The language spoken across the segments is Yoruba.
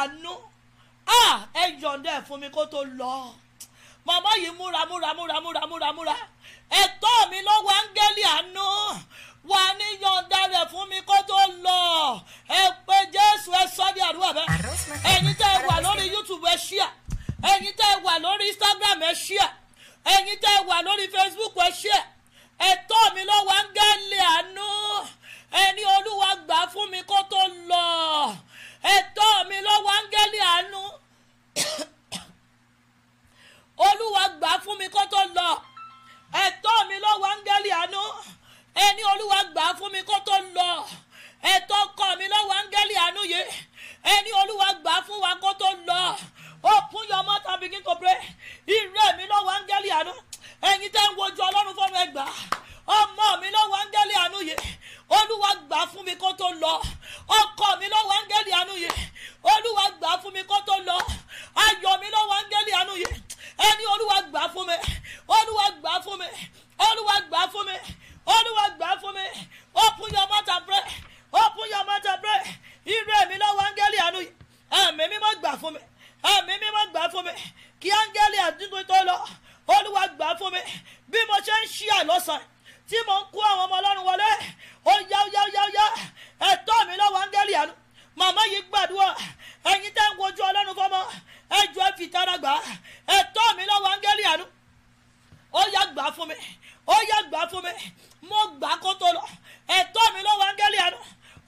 àánú ah, ẹ yọ̀ǹda ẹ̀ fún mi kó tó lọ màmá yìí múra múra múra múra múra múra ẹ̀tọ́ mi lọ́wọ́ áńgẹ́lì àánú wà ní yọ̀ǹda rẹ̀ fún mi kó tó lọ ẹ pé jésù ẹ sọ ní àdúrà bẹ́ẹ̀ ẹ̀yin tẹ́ ẹ wà lórí youtube ẹ ṣíà ẹ̀yin tẹ́ ẹ wà lórí instagram ẹ ṣíà ẹ̀yin tẹ́ ẹ wà lórí facebook ẹ ṣíà ẹ̀tọ́ mi lọ́wọ́ áńgẹ́lì àánú ẹni olúwa gbà fún mi kó tó lọ ẹ̀tọ́ mi lọ́wọ́ áńgẹ́lì àánú olúwa gbà fún mi kó tó lọ ẹ̀tọ́ mi lọ́wọ́ áńgẹ́lì àánú ẹni olúwa gbà fún mi kó tó lọ ẹ̀tọ́ ọkọ mi lọ́wọ́ áńgẹ́lì àánú yìí ẹni olúwa gbà fún wa kó tó lọ open your mouth and begin to pray ire mi lọ́wọ́ áńgẹ́lì àánú ẹ̀yin tẹ́ ń wojú ọlọ́run fọ́nrán ẹgbàá ọmọ mi lọ́wọ́ áńgẹ́lì àánú yìí olúwa gbà fún mi kó tó lọ ọkọ mi lọ́wọ́ áńgẹ́lì àánú yìí olúwa gbà fún mi kó tó lọ ayọ̀ mi lọ́wọ́ áńgẹ́lì àánú yìí ẹni olúwa gbà fún mi olúwa gbà fún mi olúwa gbà fún mi olúwa gbà fún mi open your mouth and pray open your mouth and pray irú èmi lọ́wọ́ áńgẹ́lì àánú yìí ẹ̀mí mímọ́ gbà fún mi ẹ̀mí mímọ́ gbà fún mi kí áńgẹ́lì àdúgbò tó lọ olúwa gbà fún mi bí mo ṣe ń ṣí àlọ́sàn-án tí mò ń kó àwọn ọmọ ọlọ́run wọlé ó yá ó yá ó yá ó yá ẹ̀tọ́ mi lọ́wọ́ áńgẹ́lì àánú màmá yìí gbàdúrà ẹ̀yin tẹ́ ń wojú ọlọ́run fọmọ ẹjọ́ ẹ fi tara gbà ẹ̀tọ́ mi lọ́wọ́ áńgẹ́lì àánú ó yá gbà fún mi ó yá gbà fún mi mo gbà kó tó lọ ẹ̀tọ́ mi lọ́wọ́ áńgẹ́lì àánú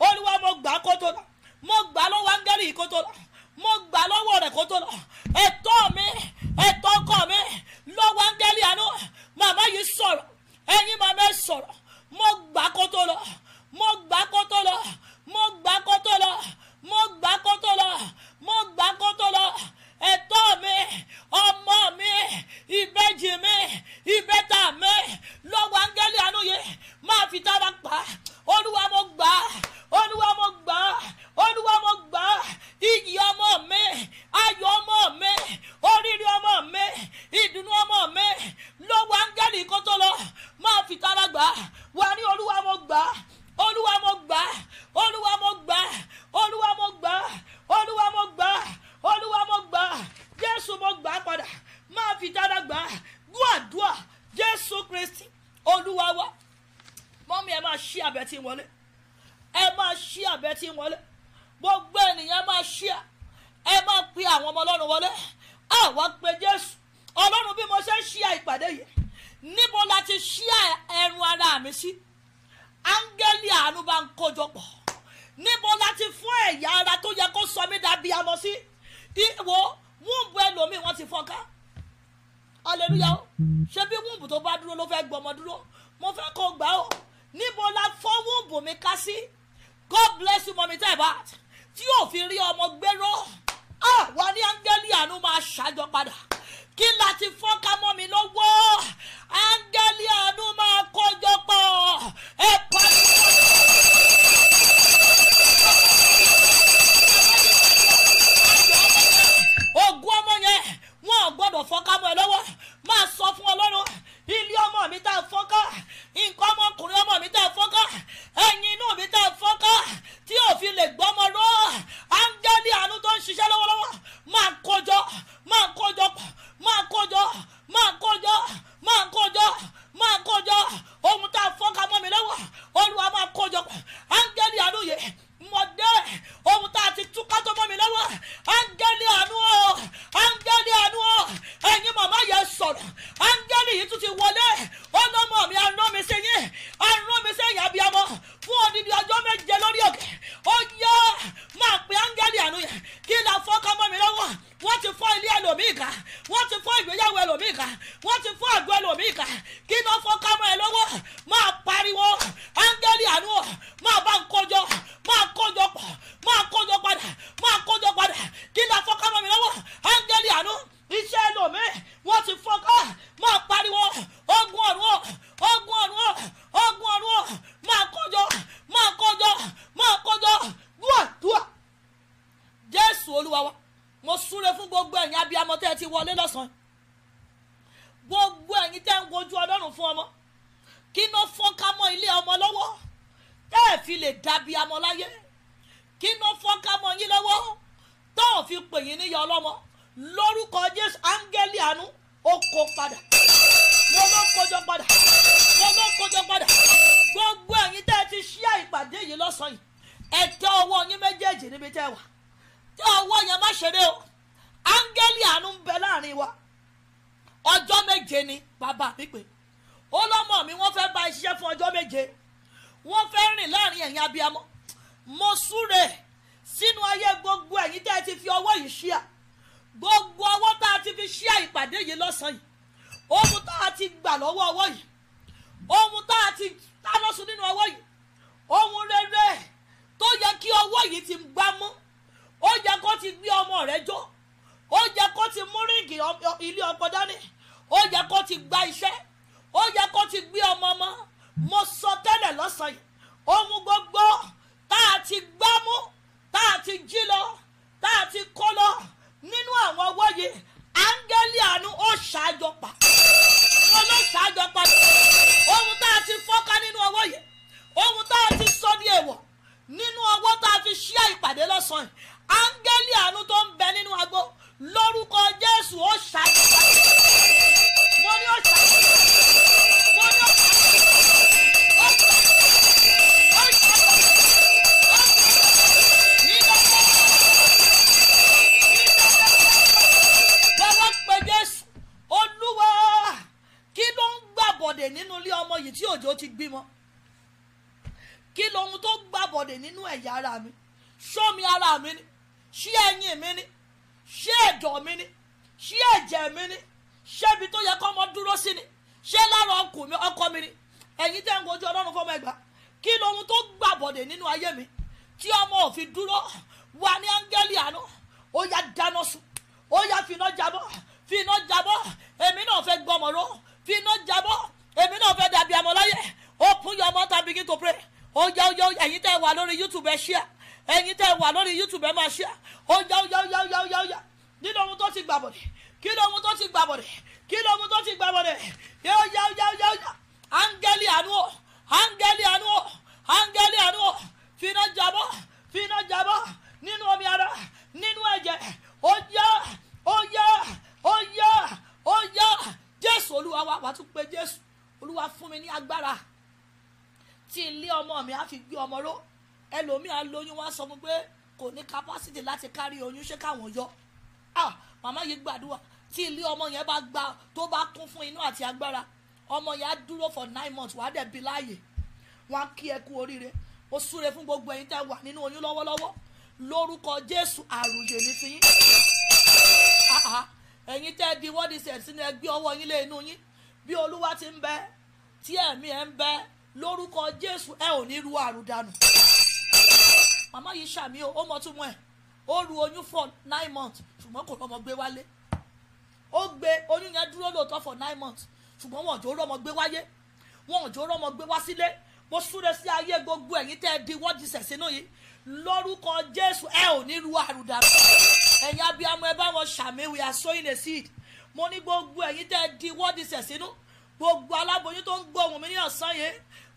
olúwa mo gbà kó tó lọ mo gbà lọ́wọ́ áńgẹ́lì kó tó lọ mo gbà lọ́wọ́ rẹ̀ kó méje ni bàbá mi pè ó lọ́mọ mi wọ́n fẹ́ bá iṣẹ́ fún ọjọ́ méje wọ́n fẹ́ rìn láàrin ẹ̀yin abiyamọ mo súre sínú ayé gbogbo ẹ̀yin tẹ́ ẹ ti fi ọwọ́ yìí ṣíà gbogbo ọwọ́ tá a ti fi ṣíà ìpàdé yìí lọ́sàn-án yìí ohun tá a ti gbà lọ́wọ́ ọwọ́ yìí ohun tá a ti dáná sun nínú ọwọ́ yìí ohun rere tó yẹ kí ọwọ́ yìí ti gbá mú ó yẹ kó ti gbé ọmọ rẹ jó ó yẹ kó ti mú ríǹgì ilé ọkọ dání ó yẹ kó ti gba iṣẹ́ ó yẹ kó ti gbé ọmọ ọmọ mo sọ tẹ́lẹ̀ lọ́sàn-án yìí ohun gbogbo tá a ti gbámú tá a ti jí lọ tá a ti kó lọ nínú àwọn owó yìí áńgẹ́lì àánú ó ṣàjọpà wọn ló ṣàjọpà ohun tá a ti fọ́ká nínú owó yìí ohun tá a ti sọ ní èèwọ̀ nínú owó tá a fi ṣí àìpàdé lọ́sàn-án áńgẹ́lì àánú tó ń bẹ nínú agbó lórúkọ jésù ó ṣàyẹ̀wò mo ní ó ṣàyẹ̀wò mo ní ó ṣàyẹ̀wò ó ṣàyẹ̀wò ó ṣàyẹ̀wò. gbàbọ̀dè nínú ilé ọmọ yìí tí òjò ti gbímọ kí lohun tó gbàbọ̀dè nínú ẹ̀yà ara mi ṣọ́ mi ara mi ni ṣí ẹ̀yìn mi ni ṣé ẹ̀dọ̀ mi ni ṣé ẹ̀jẹ̀ mi ni ṣé ibi tó yẹ kọ́mọ dúró sí ni ṣé lára ọkùn mi ọkọ mi ni ẹ̀yin tẹ́ ń gojú ọlọ́run fọmọ ẹgbàá kí ni ohun tó gbàbọ̀dẹ̀ nínú ayé mi tí ọmọ òfin dúró wà ní áńgẹ́lì àánú ó yá dáná sùn ó yá finá jabọ́ finá jabọ́ èmi náà fẹ́ gbọmọ ró finá jabọ́ èmi náà fẹ́ dàbí àmọ́láyé open your mouth and begin to pray ó yá ó yá ẹ̀yin tẹ́ wà lórí youtube ẹ ṣíà ẹ̀yin tẹ́ wà lórí youtube ẹ máa ṣíà ó yá ó yá ó yá ó yá ó yá ó yá kí ló mu tó ti gbà bọ̀dẹ̀ kí ló mu tó ti gbà bọ̀dẹ̀ kí ló mu tó ti gbà bọ̀dẹ̀ ó yá ó yá ó yá ó yá áńgẹ́lì àánú o áńgẹ́lì àánú o áńgẹ́lì àánú o fina jabọ́ fina jabọ́ nínú omi ara nínú ẹ̀jẹ̀ ó yá ó yá ó yá ó yá jésù olúwa wa wàá tún pé jésù olúwa fún mi ní agbára tí ilé ọmọ mi á fi gbé ọmọ ró ẹlòmíà lóyún wá sọ fún pé kò ní capacity láti kárí oyún ṣé káwọn yọ ah màmá yìí gbàdúrà tí ilé ọmọ yẹn bá gba tó bá kún fún inú àti agbára ọmọ yẹn á dúró for nine months wàá dẹ̀ bi láàyè wọn á kí ẹ kú oríire ó súre fún gbogbo ẹ̀yin tẹ́ wà nínú oyún lọ́wọ́lọ́wọ́ lórúkọ jésù àrùyè ní fi yín ah, ah, ẹ̀yin tẹ́ di wọ́n di sẹ̀ sínú ẹgbẹ́ ọwọ́ yín lé yín bí olúwa ti ń bẹ tí ẹ̀mí ẹ̀ ń bẹ lórúkọ jésù ẹ ò ní ru àrùn dànù. Mama, yìí ṣàmì o ó mọ túmọ̀ ẹ̀ ó ru oyún for nine months ṣùgbọ́n kò rọmọ gbé wálé ó gbé oyún yẹn dúró lóòótọ́ for nine months ṣùgbọ́n wọn ò jó rọmọ gbé wáyé wọn ò jó rọmọ gbé wá sílé mo súre sí ayé gbogbo ẹ̀yin tẹ́ ẹ di wọ́n di sẹ̀sínú yìí lórúkọ jésù ẹ ò ní ru àrùdà ẹ̀yin abiyamọ ẹ bá wọn ṣàmì we are sowing a seed mo ní gbogbo ẹ̀yin tẹ́ ẹ di wọ́n di sẹ̀sínú gbogbo aláboyún tó ń gbóhùn mi ní ọ̀sán yìí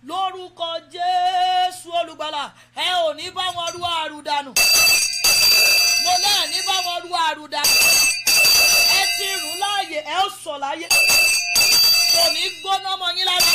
lórúkọ jésù olùgbàlà ẹ ò ní bá wọn ru àrùdànù mo náà ní bá wọn ru àrùdànù ẹ ti rùn láàyè ẹ ó sọ láyé kò ní gbóná mọ́ yín lára.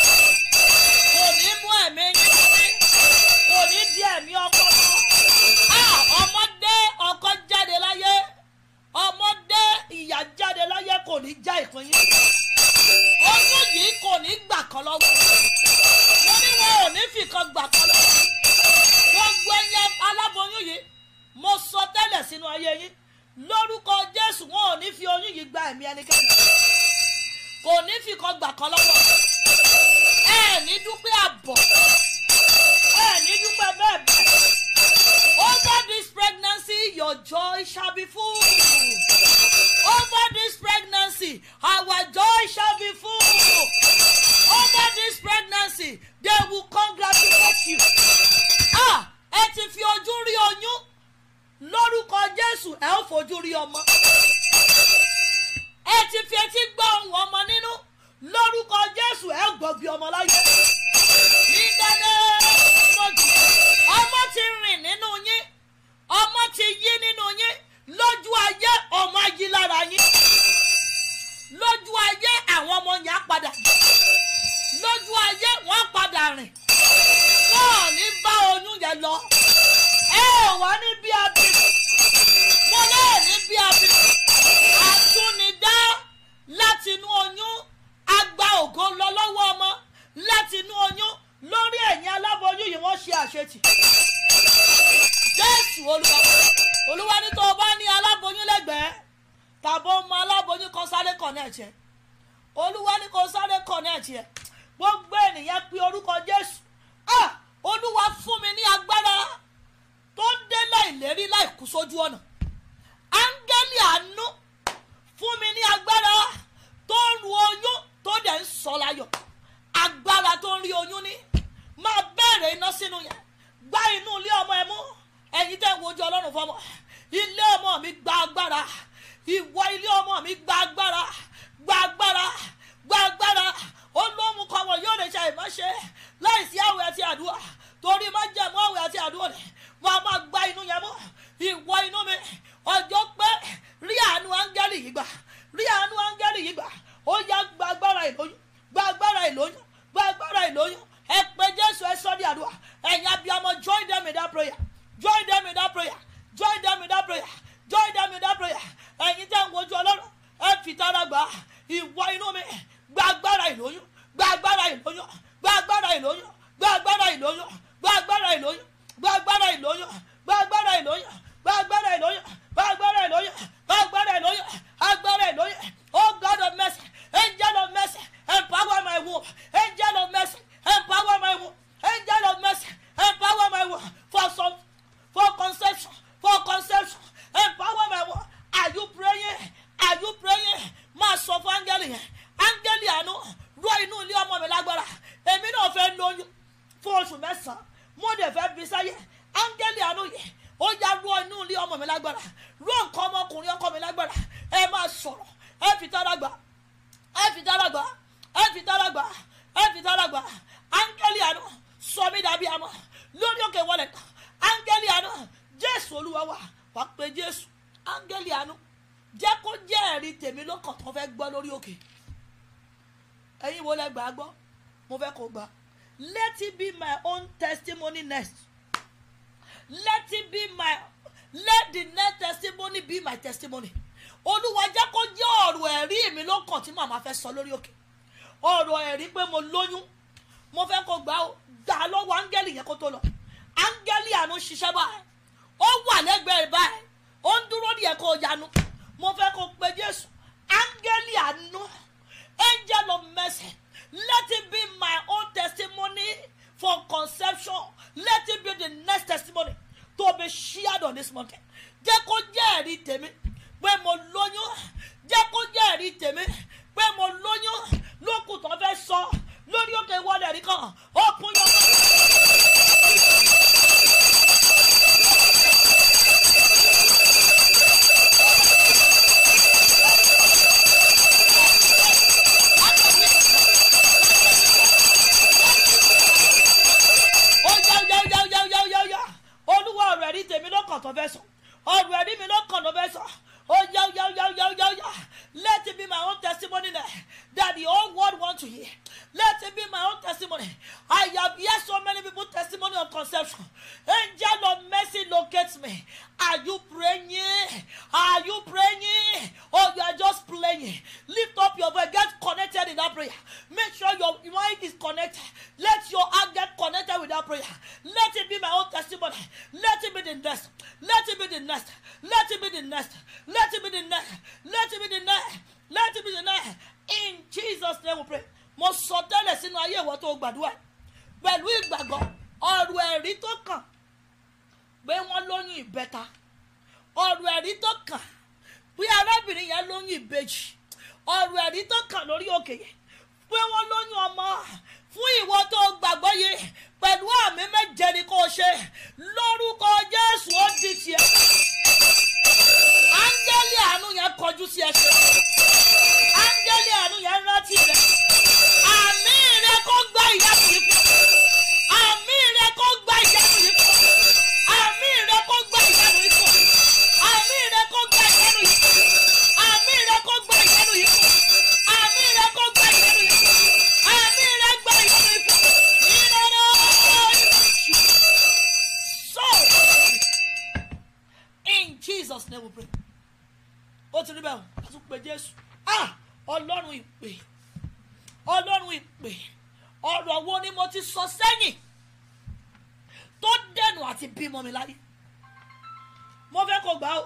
kù sójú ọ̀nà áńgẹ́lì àánú fún mi ní agbára tó ń ru oyún tó dẹ̀ ń sọ láyọ̀ agbára tó ń rí oyún ní máa bẹ̀rẹ̀ iná sínú yẹn gbá inú ilé ọmọ ẹ mú ẹ̀yin tẹ́ ń wojú ọlọ́run fọmọ ilé ọmọ mi gba agbára ìwọ ilé ọmọ mi gba agbára gba agbára gba agbára ó lóhun kan wọn yóò lè ṣe àìmáṣe láìsí àwẹ̀ àti àdúrà torí má jẹ̀mú àwẹ̀ àti àdúrà rẹ̀ wọn a máa gba inú yẹn mú ìwọ inú mi ọjọ́ pé rí àánú áńgẹ́lì yìí gbà rí àánú áńgẹ́lì yìí gbà ó yá gba agbára ìlóyún gba agbára ìlóyún gba agbára ìlóyún ẹ pé jésù ẹ sọ́ di àdúrà ẹ̀yin abiyamọ join them in that prayer join them in that prayer join them in that prayer join them in that prayer ẹ̀yin tẹ́ ń wojú ọlọ́run ẹ fìtara gbà ìwọ inú mi gba agbára ìlóyún gba agbára ìlóyún gba agbára ìlóyún gba agbára ìlóyún gba agbára ìlóyún gba agbára ìlóyún gba agbára ìlóyún bá agbára ẹ̀ lóyún bá agbára ẹ̀ lóyún bá agbára ẹ̀ lóyún agbára ẹ̀ lóyún oh God of mercy angel of mercy empower my womb angel of mercy empower my womb angel of mercy empower my womb for some for conception for conception empower my womb are you praying are you praying máa sọ fún áńgẹ́lì yẹn áńgẹ́lì àánú rọ inú ilé ọmọ mi lágbára èmi náà fẹ́ lóyún fún oṣù mẹ́sàn-án mo dẹ̀ fẹ́ bí sáyé áńgẹ́lì àánú yẹn ó yá rọ inú ilé ọmọ mi lágbára rọ nǹkan ọmọkùnrin ọkọ mi lágbára ẹ máa sọ̀rọ̀ ẹ fi tára gbà ẹ fi tára gbà ẹ fi tára gbà ẹ fi tára gbà áńgẹ́lì àná sọ mí dàbí àmọ́ lórí òkè wọlé áńgẹ́lì àná jésù olúwa wà wá pé jésù áńgẹ́lì àná jẹ́ kó jẹ́ ẹ̀rí tèmi lọ́kàn tó fẹ́ gbọ́ lórí òkè ẹ̀yin wo lẹ gbà á gbọ́ mo fẹ́ kó gbà let it be my own testimony next let it be my let the next testimony be my testimony olúwa jẹ́ kó jẹ́ ọ̀rọ̀ ẹ̀rí mi lọ́kàn tí màmá fẹ́ sọ lórí òkè ọ̀rọ̀ ẹ̀rí pé mo lóyún mo fẹ́ kó gbà ó gbà á lọ́wọ́ áńgẹ́lì yẹn kó tó lọ áńgẹ́lì àánú ṣiṣẹ́ báyìí ó wà lẹ́gbẹ̀ẹ́ báyìí ó ń dúró ní ẹ̀kọ́ ìyanu mo fẹ́ kó pe jésù áńgẹ́lì àánú angel of mercy let it be my own testimony for conception let it be the next testimony to be shared on this mountain jẹ́ kó jẹ́ ẹ̀rí tèmi pé mo lóyún jẹ́ kó jẹ́ ẹ̀rí tèmi pé mo lóyún lókùtàn fẹ́ sọ lórí òkè wọlé rí kan ó kún yọ. tó fẹ́ sọ ọ̀rọ̀ ẹ̀rí mi lọ́kàn tó fẹ́ sọ ó yá ó yá ó yá ó yá ó yá Let it be my own testimony that, that the whole world wants to hear. Let it be my own testimony. I have heard so many people testimony of conception. Angel of mercy locates me. Are you praying? Are you praying? Or you are just playing? Lift up your voice. Get connected in that prayer. Make sure your mind is connected. Let your heart get connected with that prayer. Let it be my own testimony. Let it be the next. Let it be the next. Let it be the next. Let it be the next. Let it be the next. Let it be the next. In Jesus' name we pray. Mo sọ tẹ́lẹ̀ sínú ayé ìwọ tó gbàdúrà. Pẹ̀lú ìgbàgbọ́, ọ̀rọ̀ ẹ̀rí tó kàn pé wọ́n lóyún ìbẹ́ta. Ọ̀rọ̀ ẹ̀rí tó kàn pé arábìnrin yẹn lóyún ìbejì. Ọ̀rọ̀ ẹ̀rí tó kàn lórí òkè yẹn pé wọ́n lóyún ọmọ fún ìwọ tó gbàgbọ́ yìí pẹ̀lú àmì méje ni kò ṣe lórúkọ Jésù ó di tiẹ̀ áńgẹ́lì àánú yẹn kọjú sí ẹsẹ̀ áńgẹ́lì àánú yẹn rántí rẹ̀ àmì rẹ kó gbá ìyá yìí fún àmì rẹ kó gbá ìyá yìí fún àmì rẹ kó gbá ìyá yìí fún àmì rẹ kó gbá ìyá yìí fún àmì rẹ kó gbá ìyá yìí fún àmì rẹ kó gbá ìyá yìí fún àmì rẹ gbá ìyá yìí fún ìrora ọ̀rọ̀ so in Jesus name we pray ó ti rí bẹ́ẹ̀ a tún pe jésù ah ọlọ́run ìpè ọlọ́run ìpè ọ̀rọ̀ wo ni mo ti sọ sẹ́yìn tó dẹnu àti bímọ mi láyé mo fẹ́ kó gbà ó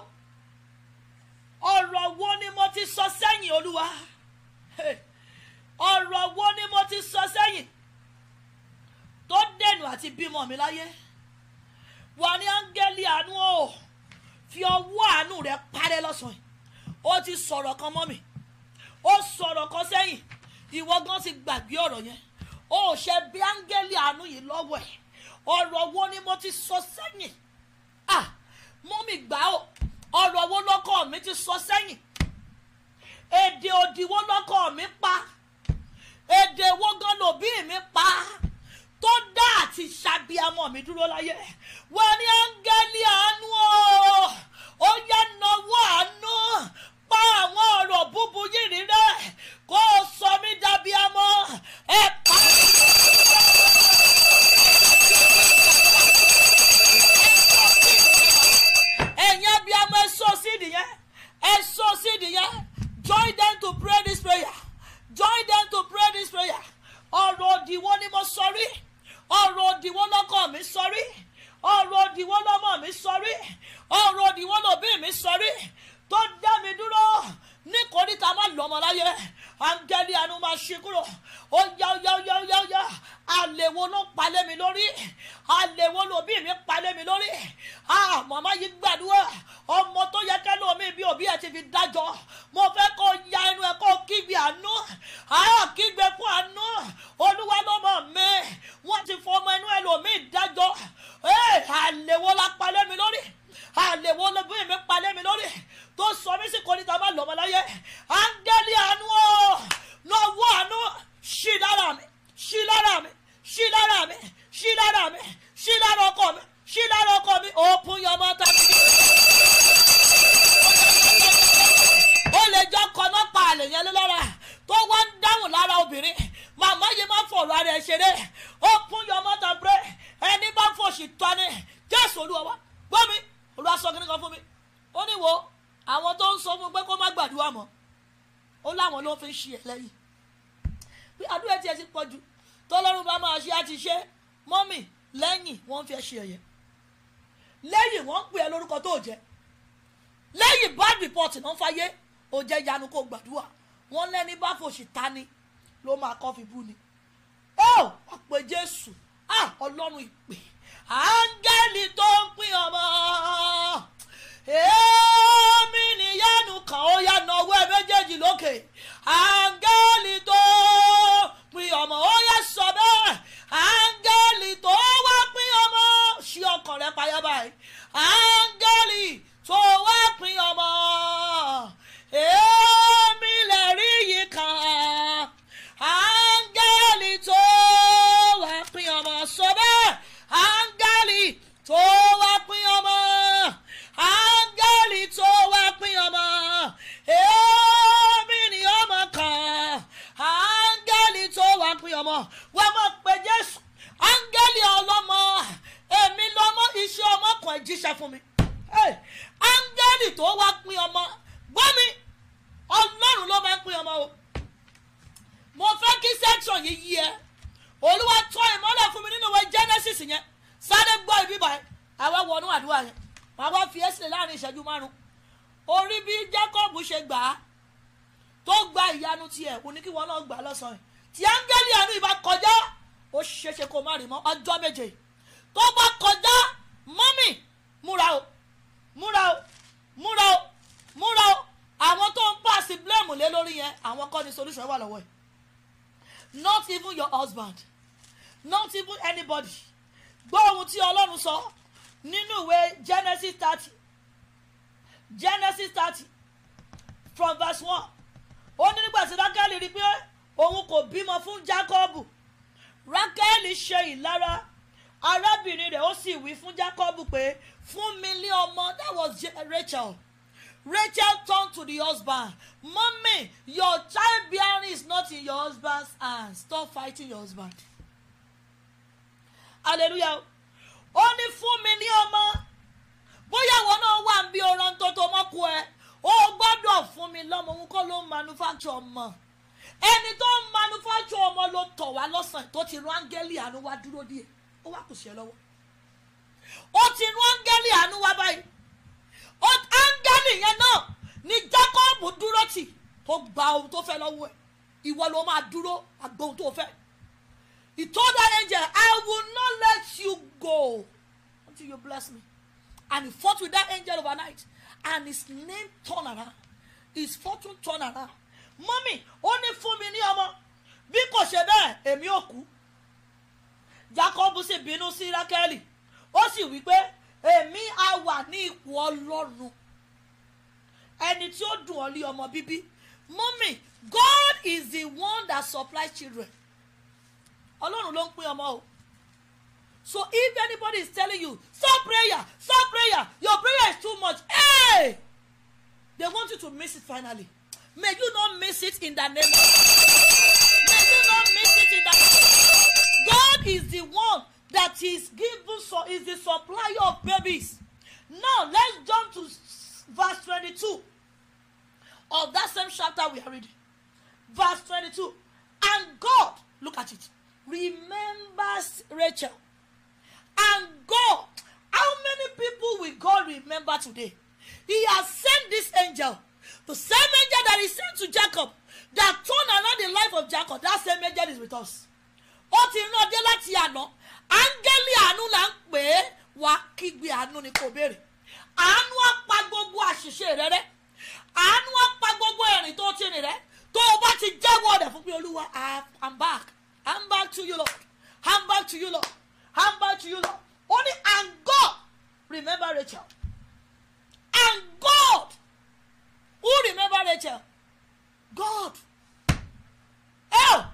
ọ̀rọ̀ wo ni mo ti sọ sẹ́yìn olúwa ọ̀rọ̀ wo ni mo ti sọ sẹ́yìn tó dẹnu àti bímọ mi láyé wà ní áńgẹ́lì àánú o fi ọwọ́ àánú rẹ parẹ́ lọ́sàn-án ó ti sọ̀rọ̀ kan mọ́ mi ó sọ̀rọ̀ kan sẹ́yìn ìwọ gan ti gbàgbé ọ̀rọ̀ yẹn ó ṣe bí áńgẹ́lì àánú yìí lọ́wọ́ ẹ̀ ọ̀rọ̀ wo ni mo ti sọ sẹ́yìn ah mú mi gbà ó ọ̀rọ̀ wo lọ́kọ mi ti sọ sẹ́yìn èdè òdì wo lọ́kọ mi pa èdè wo gan lòbí mi pa tó dá àti ṣàbíamọ mi dúró láyé wọ́n ní áńgẹ́lì àánú ó yẹ náwó àánú pa àwọn ọ̀rọ̀ búbu yìí rí rẹ́ kó o sọ mí dàbí amọ́ ẹ pa. ẹ̀yin abiyamọ ẹ sọ sí nìyẹn ẹ sọ sí nìyẹn join them to pray this prayer join them to pray this prayer ọ̀rọ̀ òdìwọ́ ni mo sọ rí ọ̀rọ̀ òdìwọ́ lọ́kọ̀ mi sọ rí ọ̀rọ̀ òdìwọ́ lọ́mọ mi sọ rí ọ̀rọ̀ òdìwọ́ lọ́bí mi sọ rí tó dá mi dúró ní kòríta má lọ́mọ láyé áńgẹ́lì àánú máa ṣe kúrò ó yá ó yá ó yá ó yá ó yá àlèwo ló palẹ̀ mi lórí àlèwo lòbí mi palẹ̀ mi lórí màmá yìí gbàdúrà ọmọ tó yẹ kẹ́lẹ́ omi bí òbí ẹ̀ ti fi dájọ́ mo fẹ́ kó ya inú ẹ̀ kó kígbe àánú kígbe fún àánú olúwa lọ́mọ mi wọ́n ti fọmọ inú ẹ̀ lòmí dájọ́ àlèwo la mi lórí àlè wo ló bí mi palẹ́ mi lórí tó sọ mí sí kò ní ta bá lọ́mọ láyé áńgẹ́lì àánú lọ́wọ́ àánú ṣí lára mi ṣí lára mi ṣí lára mi ṣí lára mi ṣí lára ọkọ mi ṣí lára ọkọ mi òpin yọmọ tàbí. ó lè jọ kọ́nà pa àlè yẹn lọ́la tó wá ń dáhùn lára obìnrin màmá yìí máa fọ̀rọ̀ ara ẹ̀ ṣeré òpin yọmọ tàbí ẹni bá fòṣì tọ́ni jésù olúwa gbọ́ mi olúwa sọ kíní kan fún mi ó ní wo àwọn tó ń sọ fún pé kó má gbàdúrà mọ́ ó láwọn ló fi ń ṣe ẹ̀ bí àdúrà tiẹ̀ ti pọ̀ jù tọ́lọ́run bá máa ṣe á ti ṣe mọ́mì lẹ́yìn wọ́n ń fi ẹ̀ ṣe ẹ̀yẹ lẹ́yìn wọ́n ń pè ẹ́ lórúkọ tó jẹ́ lẹ́yìn bad report náà fàyè ó jẹ́ ìyanu kó gbàdúrà wọ́n lẹ́ni bá fòṣì ta ni ló máa kọ́ fi bú ni ó ọ̀pẹ jésù ah, ọlọ́run ìpè áńgẹ́lì tó ń pín ọmọ èémí níyanu kan ó yá nọwọ́ ẹ méjèèjì lókè áńgẹ́lì tó pín ọmọ ó yá sọ bẹ́ẹ̀ áńgẹ́lì tó wá pín ọmọ ṣí ọkàn rẹ payá báyìí áńgẹ́lì tó wá pín ọmọ èémí. áńgẹ́lì ọlọ́mọ èmi lọ́mọ iṣẹ́ ọmọ kan jíṣẹ́ fún mi áńgẹ́lì tó wá pín ọmọ gbọ́ mi ọlọ́run ló máa ń pín ọmọ o mo fẹ́ kí section yìí yí ẹ olúwa tọ́ ìmọ́lẹ̀ fún mi nínú ìwé genesis yẹn sáré gbọ́ ibi báyìí àwa wọnú àdúrà yẹn màá wá fi ẹ́sìlẹ̀ láàrin ìṣẹ́jú márùn-ún orí bí jacob ṣe gbà á tó gba ìyanu tiẹ̀ oníkíwọ́n náà gbà lọ́sàn-án tí áńgẹ́lì àánú ìbá kọjá ó ṣeéṣe kó má rí mọ́ ọjọ́ méje tó bá kọjá mọ́mì múra o múra o múra o múra o àwọn tó ń pàṣẹ blame lé lórí yẹn àwọn kọ́ ni solution wà lọ́wọ́ ẹ̀ not even your husband not even anybody gbọ́ ohun tí ọlọ́run sọ nínú ìwé Genesis thirty Genesis thirty from verse one ó ní nígbà tí rákẹ́lì rí i pé òun kò bímọ fún Jacob rákẹ́lì ṣe ìlara arábìnrin rẹ̀ ó sì wí fún jákọ́bù pé fún mi ní ọmọ that was rachel rachel turned to the husband mummy your child childbearing is not in your husband's hands stop fighting your husband hallelujah ó ní fún mi ní ọmọ bóyá àwọn náà wà ń bí oran tó tó mọ́kù ẹ ó gbọ́dọ̀ fún mi lọ́mọ òun kọ́ ló ń manufacture ọmọ ẹni tó ń manufacture ọmọ ló tọ̀ wá lọ́sàn tó ti rán áńgẹ́lì àánú wá dúró díẹ̀ e. ó wá kù sí ẹ lọ́wọ́ ó ti rán áńgẹ́lì àánú wá báyìí áńgẹ́lì yẹn náà ni Jákọ́ọ̀bù dúró tì tó gba ohun tó fẹ́ lọ́wọ́ ẹ̀ ìwọ ló máa dúró àgbọ̀ ohun tó fẹ́ he told that angel I will not let you go until you bless me and he fought with that angel overnight and his name turn around his fortune turn around mọ́mì ó ní fún mi ní ọmọ bí kò ṣe bẹ́ẹ̀ èmi ò kú jacob sì bínú sí rákẹ́lì ó sì wí pé èmi á wà ní ipò ọlọ́run ẹni tí ó dùn ọ́ lé ọmọ bíbí mọ́mì God is the one that supplies children ọlọ́run ló ń pín ọmọ o so if anybody is telling you stop prayer stop prayer your prayer is too much hey! they want you to miss it finally May you not miss it in the name of May you not miss it in the name. God is the one that is given so is the supplier of babies. Now let's jump to verse 22 of that same chapter we are reading. Verse 22. And God, look at it, remembers Rachel. And God, how many people will God remember today? He has sent this angel The same angel that he sent to Jacob that turned around the life of Jacob, that same angel is with us. Ó ti rán dé láti àná. Áńgẹ́lì àánú là ń pè é wá kígbe àánú ni kò béèrè. Àánú á pa gbogbo àṣìṣe rẹ rẹ. Àánú á pa gbogbo ẹ̀rìn tó ti rìn rẹ. Tó o bá ti jẹ́wọ́ rẹ̀ fún pé Olúwa, I'm back. I'm back to you, Lord. I'm back to you, Lord. I'm back to you, Lord. Only and God, remember Rachel. And God who remember rachel god hell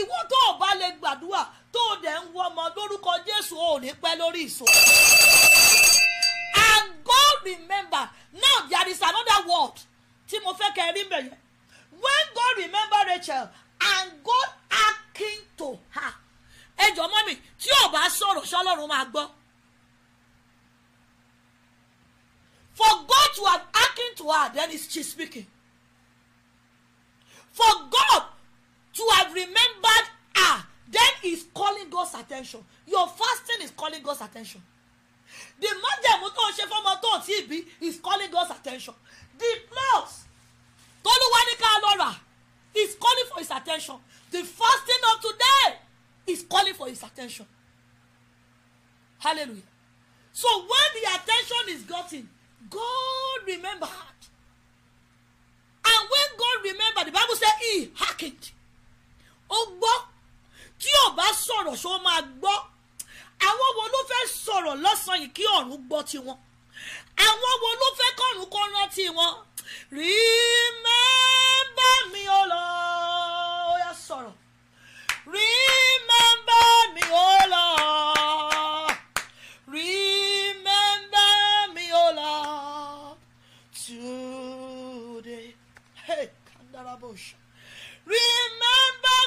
ìwọ tó o bá lè gbàdúrà tó o dẹ̀ ń wọ ọmọ lórúkọ jésù ò ní pẹ́ lórí ìṣòro and god remember now there is another word tí mo fẹ́ kẹ́ rí bẹ̀rẹ̀ when god remember rachel and god akin to her ẹ jọ mọ́ mi tí o bá sọ̀rọ̀ sọlọ́run máa gbọ́ for God to have hearken to her then is she speaking for God to have remembered her then is calling God's attention your fasting is calling God's attention the májẹ̀mú tó ń ṣe fọmọ tó ti bí is calling God's attention the plus tolúwa ní ká lọ rà is calling for his attention the fasting of today is calling for his attention hallelujah so when the attention is gotten God remembered. And when God remembered, the Bible said he hearkened. Ó gbọ́ tí ò bá sọ̀rọ̀ ṣó máa gbọ́. Àwọn wo ló fẹ́ sọ̀rọ̀ lọ́sàn-án yìí kí ọ̀run gbọ́ tiwọn? Àwọn wo ló fẹ́ kọ̀run kọ́ rántí wọn? Remember me, O Lord. Ó yá sọ̀rọ̀. Remember me, O Lord.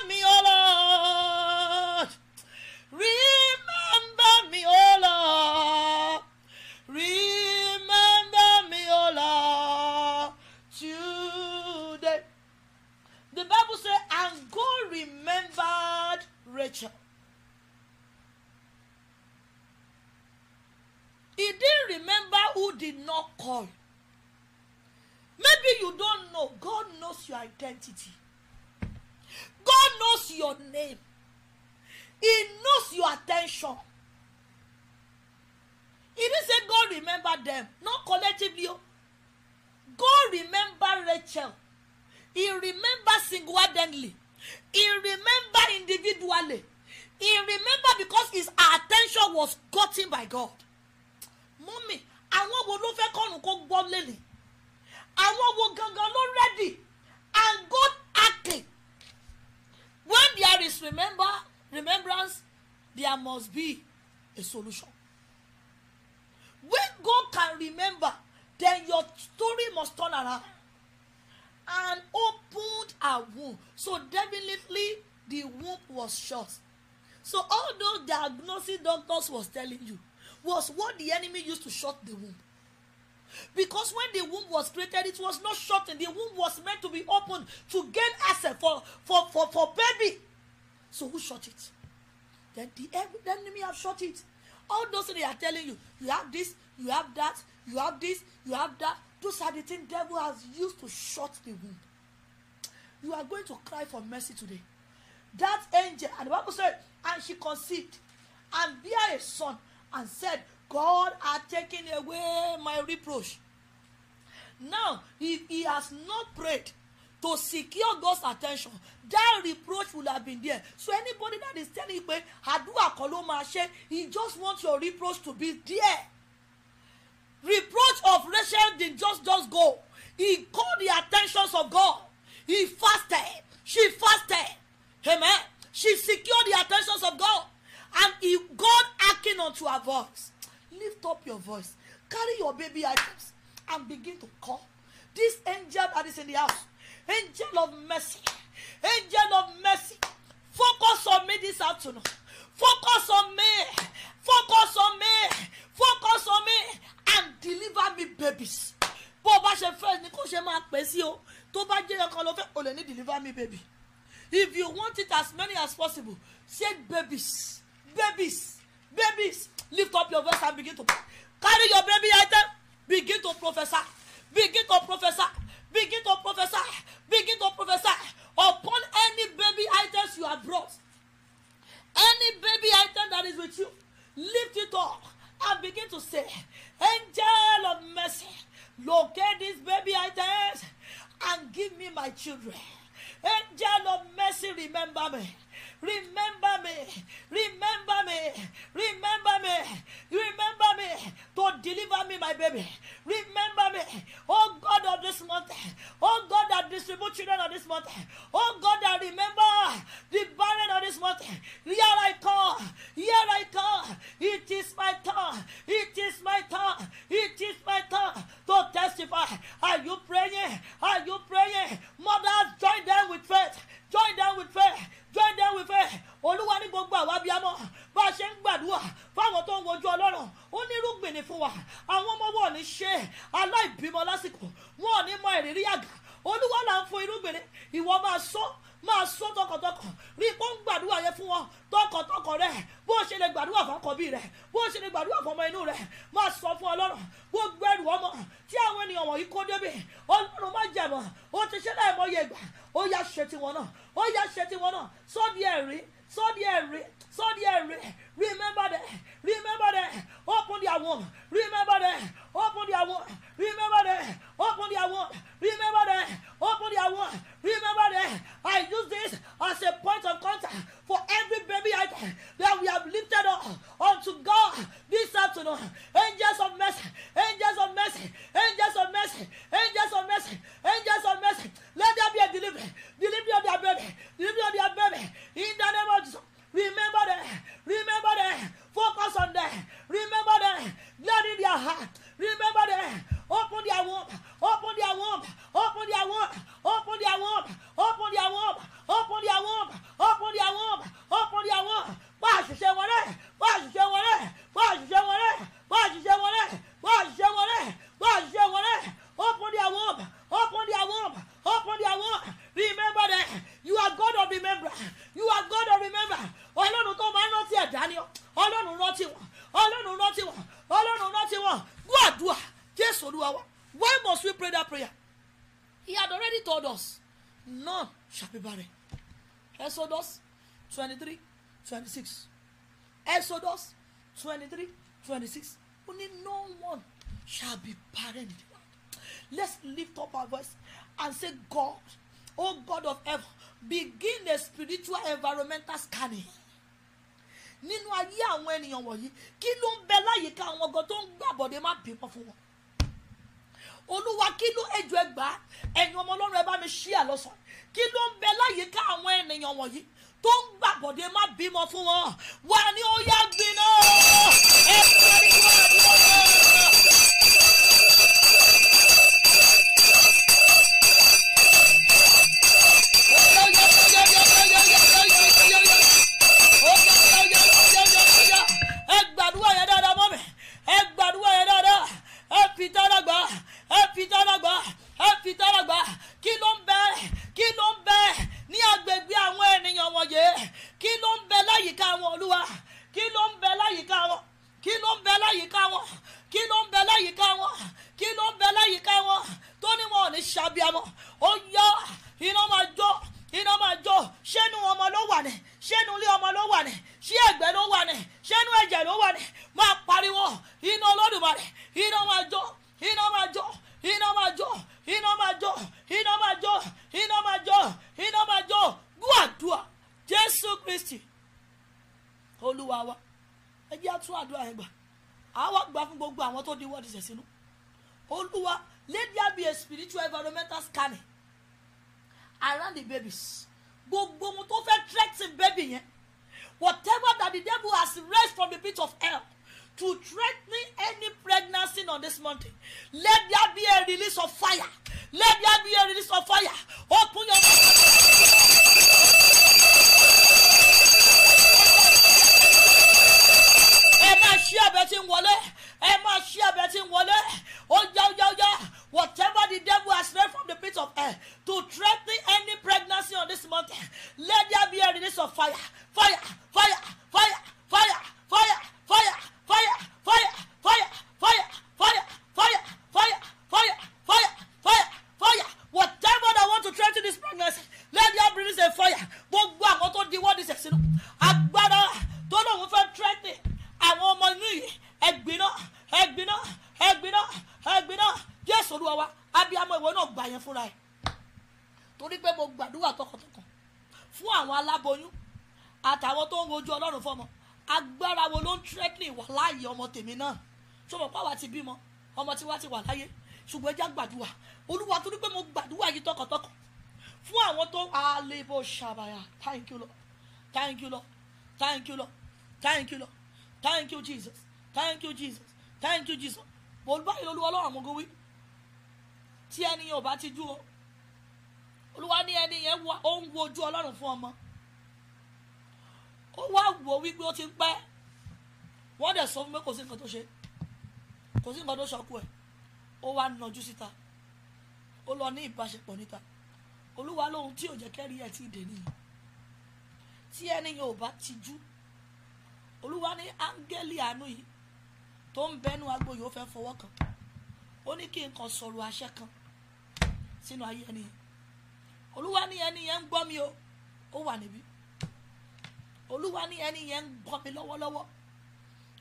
me, O Lord. Remember me, O Lord. Remember me, O Lord. Today. The Bible says, and God remembered Rachel. He didn't remember who did not call. Maybe you don't know. God knows your identity. God knows your name. He knows your attention. He didn't say God remember them, not collectively. Oh. God remember Rachel. He remember singularly. He remember individually. He remember because his attention was gotten by God. Mummy, àwọn wo ló fẹ́ kọ́nù kó gbọ́ lélẹ̀? Àwọn wo gangan ló rẹ́dì and God acting when there is remember remembrance there must be a solution when god can remember then your story must turn around and opened her womb so definitely the womb was shut so all those diagnosis doctors was telling you was what the enemy used to shut the womb Because when the womb was created, it was not shut, The womb was meant to be open to gain access for, for, for, for baby. So who shut it? Then the, enemy have shut it. All those things they are telling you, you have this, you have that, you have this, you have that. Those are the things devil has used to shut the womb. You are going to cry for mercy today. That angel, and the Bible said, and she conceived and bare a son, and said, God had taken away my reproach. Now, if he has not prayed to secure God's attention, that reproach would have been there. So anybody that is telling me àdúrà kọ́ ló máa ṣe, he just wants your reproach to be there. Reproach of Rachel did just just go. He called the attentions of God. He fasted. She fasted. Amen. She secured the attentions of God. And he, God acting unto her voice lift up your voice carry your baby items and begin to call this angel that is in the house angel of mercy angel of mercy focus on me this afternoon focus on me focus on me focus on me and deliver me babies bó o bá ṣe fẹ́ ni kó ṣe máa pè sí o tó bá jẹ́ ẹ̀kan ló o lè ní deliver me baby if you want it as many as possible say babies babies babies lift up your voice and begin to pray. carry your baby item begin to prophesy begin to prophesy begin to prophesy begin to prophesy upon any baby items you have brought any baby item that is with you lift it up and begin to say angel of mercy locate these baby items and give me my children angel of mercy remember me. Remember me. Remember me. Remember me. Remember me to deliver me, my baby. Remember me. Oh God of this month. Oh God that distribute children of this month. Oh God that remember the barren of this month. Here I come. Here I come. It is my turn. It is my turn. It is my turn to testify. Are you praying? Are you praying? Mothers, join them with faith. join them with faith join them with faith olúwa ní gbogbo àwa abiyamọ bá a ṣe ń gbàdúrà fáwọn tó ń wojú ọlọ́run ó ní irúgbìn ní fún wa àwọn ọmọ wọn ò ní ṣe aláìbímọ lásìkò wọn ò ní mọ ìrírí àgà olúwa là ń fún irúgbìn ìwọ máa sọ máa sọ tọkàntọkàn rí i pé ó ń gbàdúrà yẹn fún wọn tọkàntọkàn rẹ bó ṣe lè gbàdúrà fún ọkọ bí rẹ bó ṣe lè gbàdúrà fún ọmọ inú rẹ máa sọ fún ọlọ́run gbogbo ẹrù ọmọ tí àwọn ènìyàn wọ̀nyí kó débi ọlọ́run má jẹ̀mọ́ ó ti ṣe láìmọye ìgbà ó yá ṣe tiwọn náà ó yá ṣe tiwọn náà sọ́ di ẹ̀rín So dear, so dear, remember that, remember that, open their womb, remember that, open their womb, remember that, open their womb, remember that, open their womb, remember that. I use this as a point of contact for every baby I, that we have lifted up unto God this afternoon. our voice and say, God, oh God of heaven, begin a spiritual environmental scanning. nínú ayé àwọn ènìyàn wọ̀nyí kí ló ń bẹ láyìíká àwọn ọgọ tó ń gbàbọ̀dé má bímọ fún wọn olúwa kí ló ejò ẹgbà ẹ̀yin ọmọ ọlọ́run ẹ bá mi ṣí ẹ̀ lọ́sàn kí ló ń bẹ láyìíká àwọn ènìyàn wọ̀nyí tó ń gbàbọ̀dé má bímọ fún wọn wà ní ó yá gbiná ẹ̀ fún ẹni tó wà ní ìwọ náà gbà yẹn fúnra ẹ̀ torí pé mo gbàdúrà tọkàntọkàn fún àwọn aláboyún àtàwọn tó ń wojú ọlọ́run fọmọ agbára wo ló ń tírẹ́tìlì wà láàyè ọmọ tèmi náà tó mọ̀ pàwọ́ àti bímọ ọmọ tiwa ti wà láyé ṣùgbọ́n ẹja gbàdúrà olúwa torí pé mo gbàdúrà yìí tọkàntọkàn fún àwọn tó àlebo ṣàbàyà thank you lord thank you lord thank you lord thank you lord thank you jesus thank you jesus thank you jesus olùbáyìí olúwa ọlọ́run àmọ́gọ́wé tí ẹni yẹn ò bá ti dúró olúwa ní ẹni yẹn ó ń wo ojú ọlọ́run fún ọmọ ó wá wò wípé ó ti ń pẹ́ wọ́n dẹ̀ sọ fún pé kò sí nǹkan tó ṣe kò sí nǹkan tó ṣọkú ẹ̀ ó wá nàjú síta ó lọ ní ìbáṣepọ̀ níta olúwa lóhun tí ò jẹ́ kẹ́rí ẹ̀ tí dè nìyí tí ẹni yẹn ò bá ti jú olúwa ní áńgẹ́lì àánú yìí tó ń bẹnu agbo fẹ́ fọwọ́ kàn ó ní kí n kàn sọ̀rọ̀ àṣẹ kan sínú ayé ẹni yẹn olúwa ní ẹni yẹn ń gbọ́ mi o ó wà níbí olúwa ní ẹni yẹn ń gbọ́ mi lọ́wọ́lọ́wọ́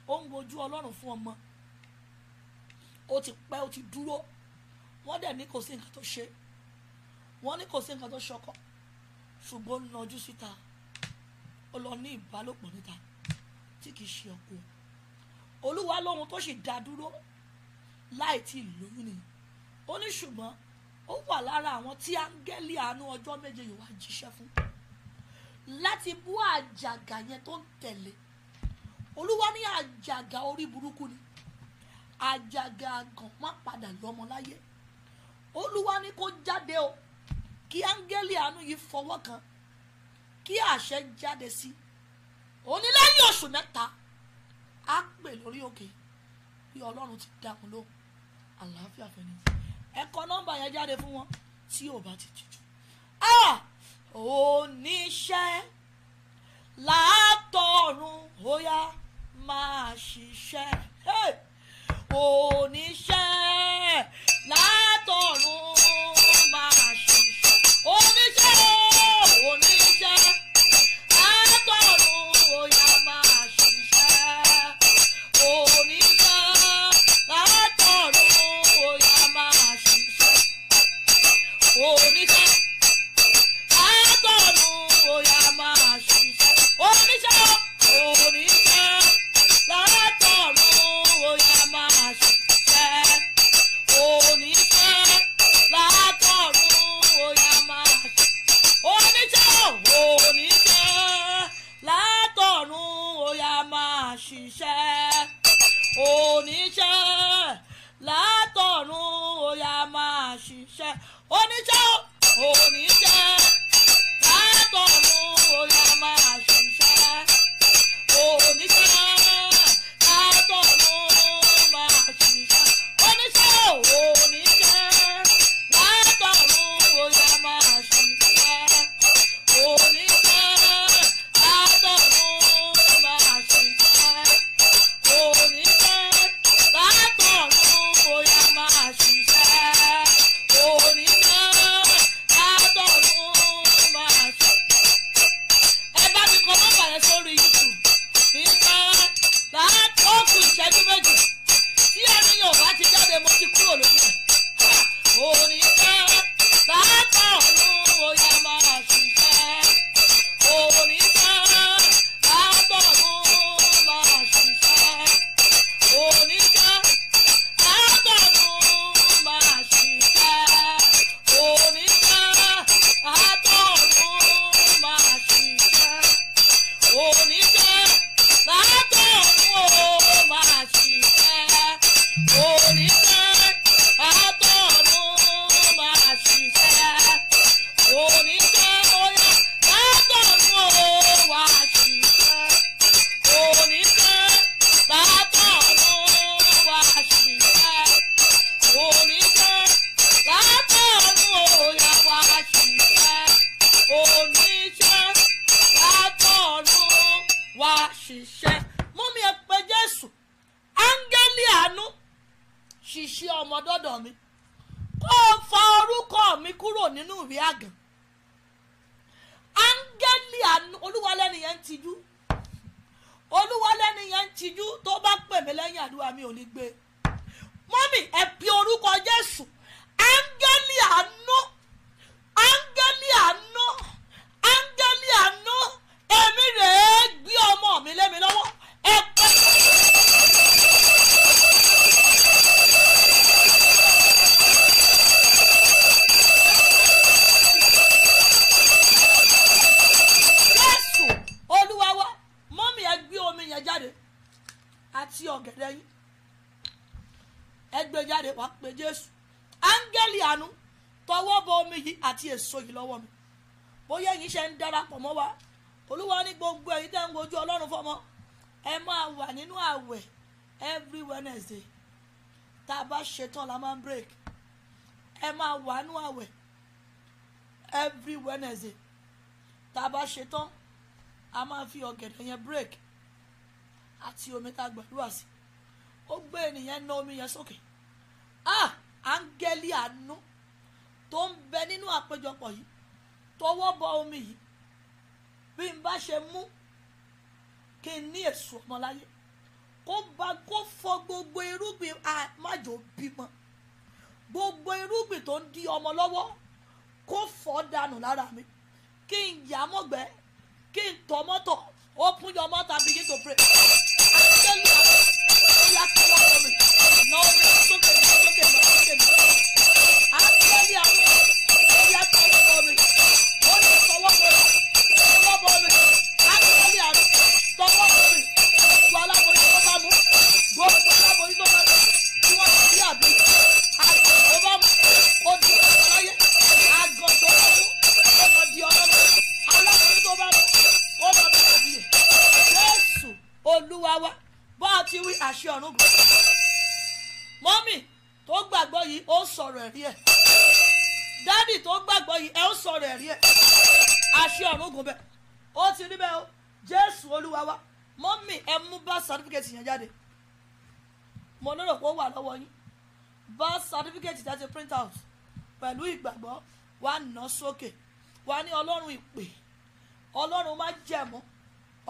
ó ń wojú ọlọ́run fún ọmọ ó ti pẹ́ ó ti dúró wọ́n dẹ̀ ní kò sí nǹkan tó ṣe wọ́n ní kò sí nǹkan tó ṣọkọ ṣùgbọ́n ó nàjú síta ó lọ ní ìbálòpọ̀ níta tí kìí ṣe ọkọ olúwa lóhun tó sì dá dúró láì tí ì lóyún ni ó ní ṣùgbọ́n ó wà lára àwọn tí áńgẹ́lì àánú ọjọ́ méje yìí wá jíṣẹ́ fún láti bú àjàgà yẹn tó ń tẹ̀lé olúwa ní àjàgà orí burúkú ni àjàgà àgàn má padà lọ́mọ láyé olúwa ní kó jáde o kí áńgẹ́lì àánú yìí fọwọ́ kan kí àṣẹ jáde sí onílẹ́yìn oṣù mẹ́ta á pè lórí òkè bí ọlọ́run ti dákun lóhùn àlàáfíà fẹ́ni ẹ kọ nọ́mbà yẹn jáde fún wọn tí ò bá ti tutù. Ah! oníṣẹ́ látọ̀run ó máa ṣiṣẹ́ oníṣẹ́ látọ̀run. 13 jésù áńgẹ́lì àánú tọwọ́ bọ omi yìí àti èso yìí lọ́wọ́ mi bóyá ẹ̀yin ṣe ń darapọ̀ mọ́ wa olúwa ní gbogbo ẹ̀yin tẹ́ ń wojú ọlọ́run fọmọ ẹ máa wà nínú àwẹ̀ every wednesday tá a bá ṣetán la máa ń break ẹ máa wà nínú àwẹ̀ every wednesday tá a bá ṣetán a máa fi ọ̀gẹ̀dẹ̀ yẹn break àti omi tá a gbàdúrà sí ó gbé ènìyàn ná omi yẹn sókè. Okay ah áńgẹ́lì àánú tó ń bẹ nínú àpéjọpọ̀ yìí tọwọ́ bọ omi yìí bí n bá ṣe mú kí n ní èso ọmọláyé kó ba kó fọ gbogbo irúgbìn àmájò bímọ gbogbo irúgbìn tó ń di ọmọ lọ́wọ́ kó fọ́ dànù lára mi kí n yà mọ̀gbẹ́ kí n tọ̀ mọ́tọ̀ open your mouth and begin to pray. ní àwọn lórí ẹ̀ka ọ̀pọ̀ mi ó ní tọwọ́ bọ̀ mi tọwọ́ bọ̀ mi láti lórí àmì tọwọ́ bọ̀ mi gbogbo aláboyún tó bá mú gbogbo aláboyún tó bá mú tí wọ́n ti rí àbí àgbọ̀ tó mú ó di ọ̀rọ̀ láyé àgọ̀ bá mú ó lọ di ọ̀rọ̀ mọ́ aláboyún tó bá mú ó lọ bí àbí Jésù Olúwa wa a ti wí àṣẹ ọ̀run gbọ́ mọ́mì tó gbàgbọ́ yìí ó sọ̀rọ̀ ẹ̀rí ẹ̀ dádì tó gbàgbọ́ yìí ẹ ń sọ̀rọ̀ ẹ̀rí ẹ̀ àṣẹ ọ̀run gùn bẹ́ẹ̀ ó ti rí bẹ́ẹ̀ o jésù olúwa wa mọ́mì ẹ mú bá sàtífíkẹ́tì yẹn jáde mo lérò pé ó wà lọ́wọ́ yín bá sàtífíkẹ́tì tẹ́tí print out pẹ̀lú ìgbàgbọ́ wa nà sókè wa ní ọlọ́run ìpè ọlọ́run má jẹ̀mú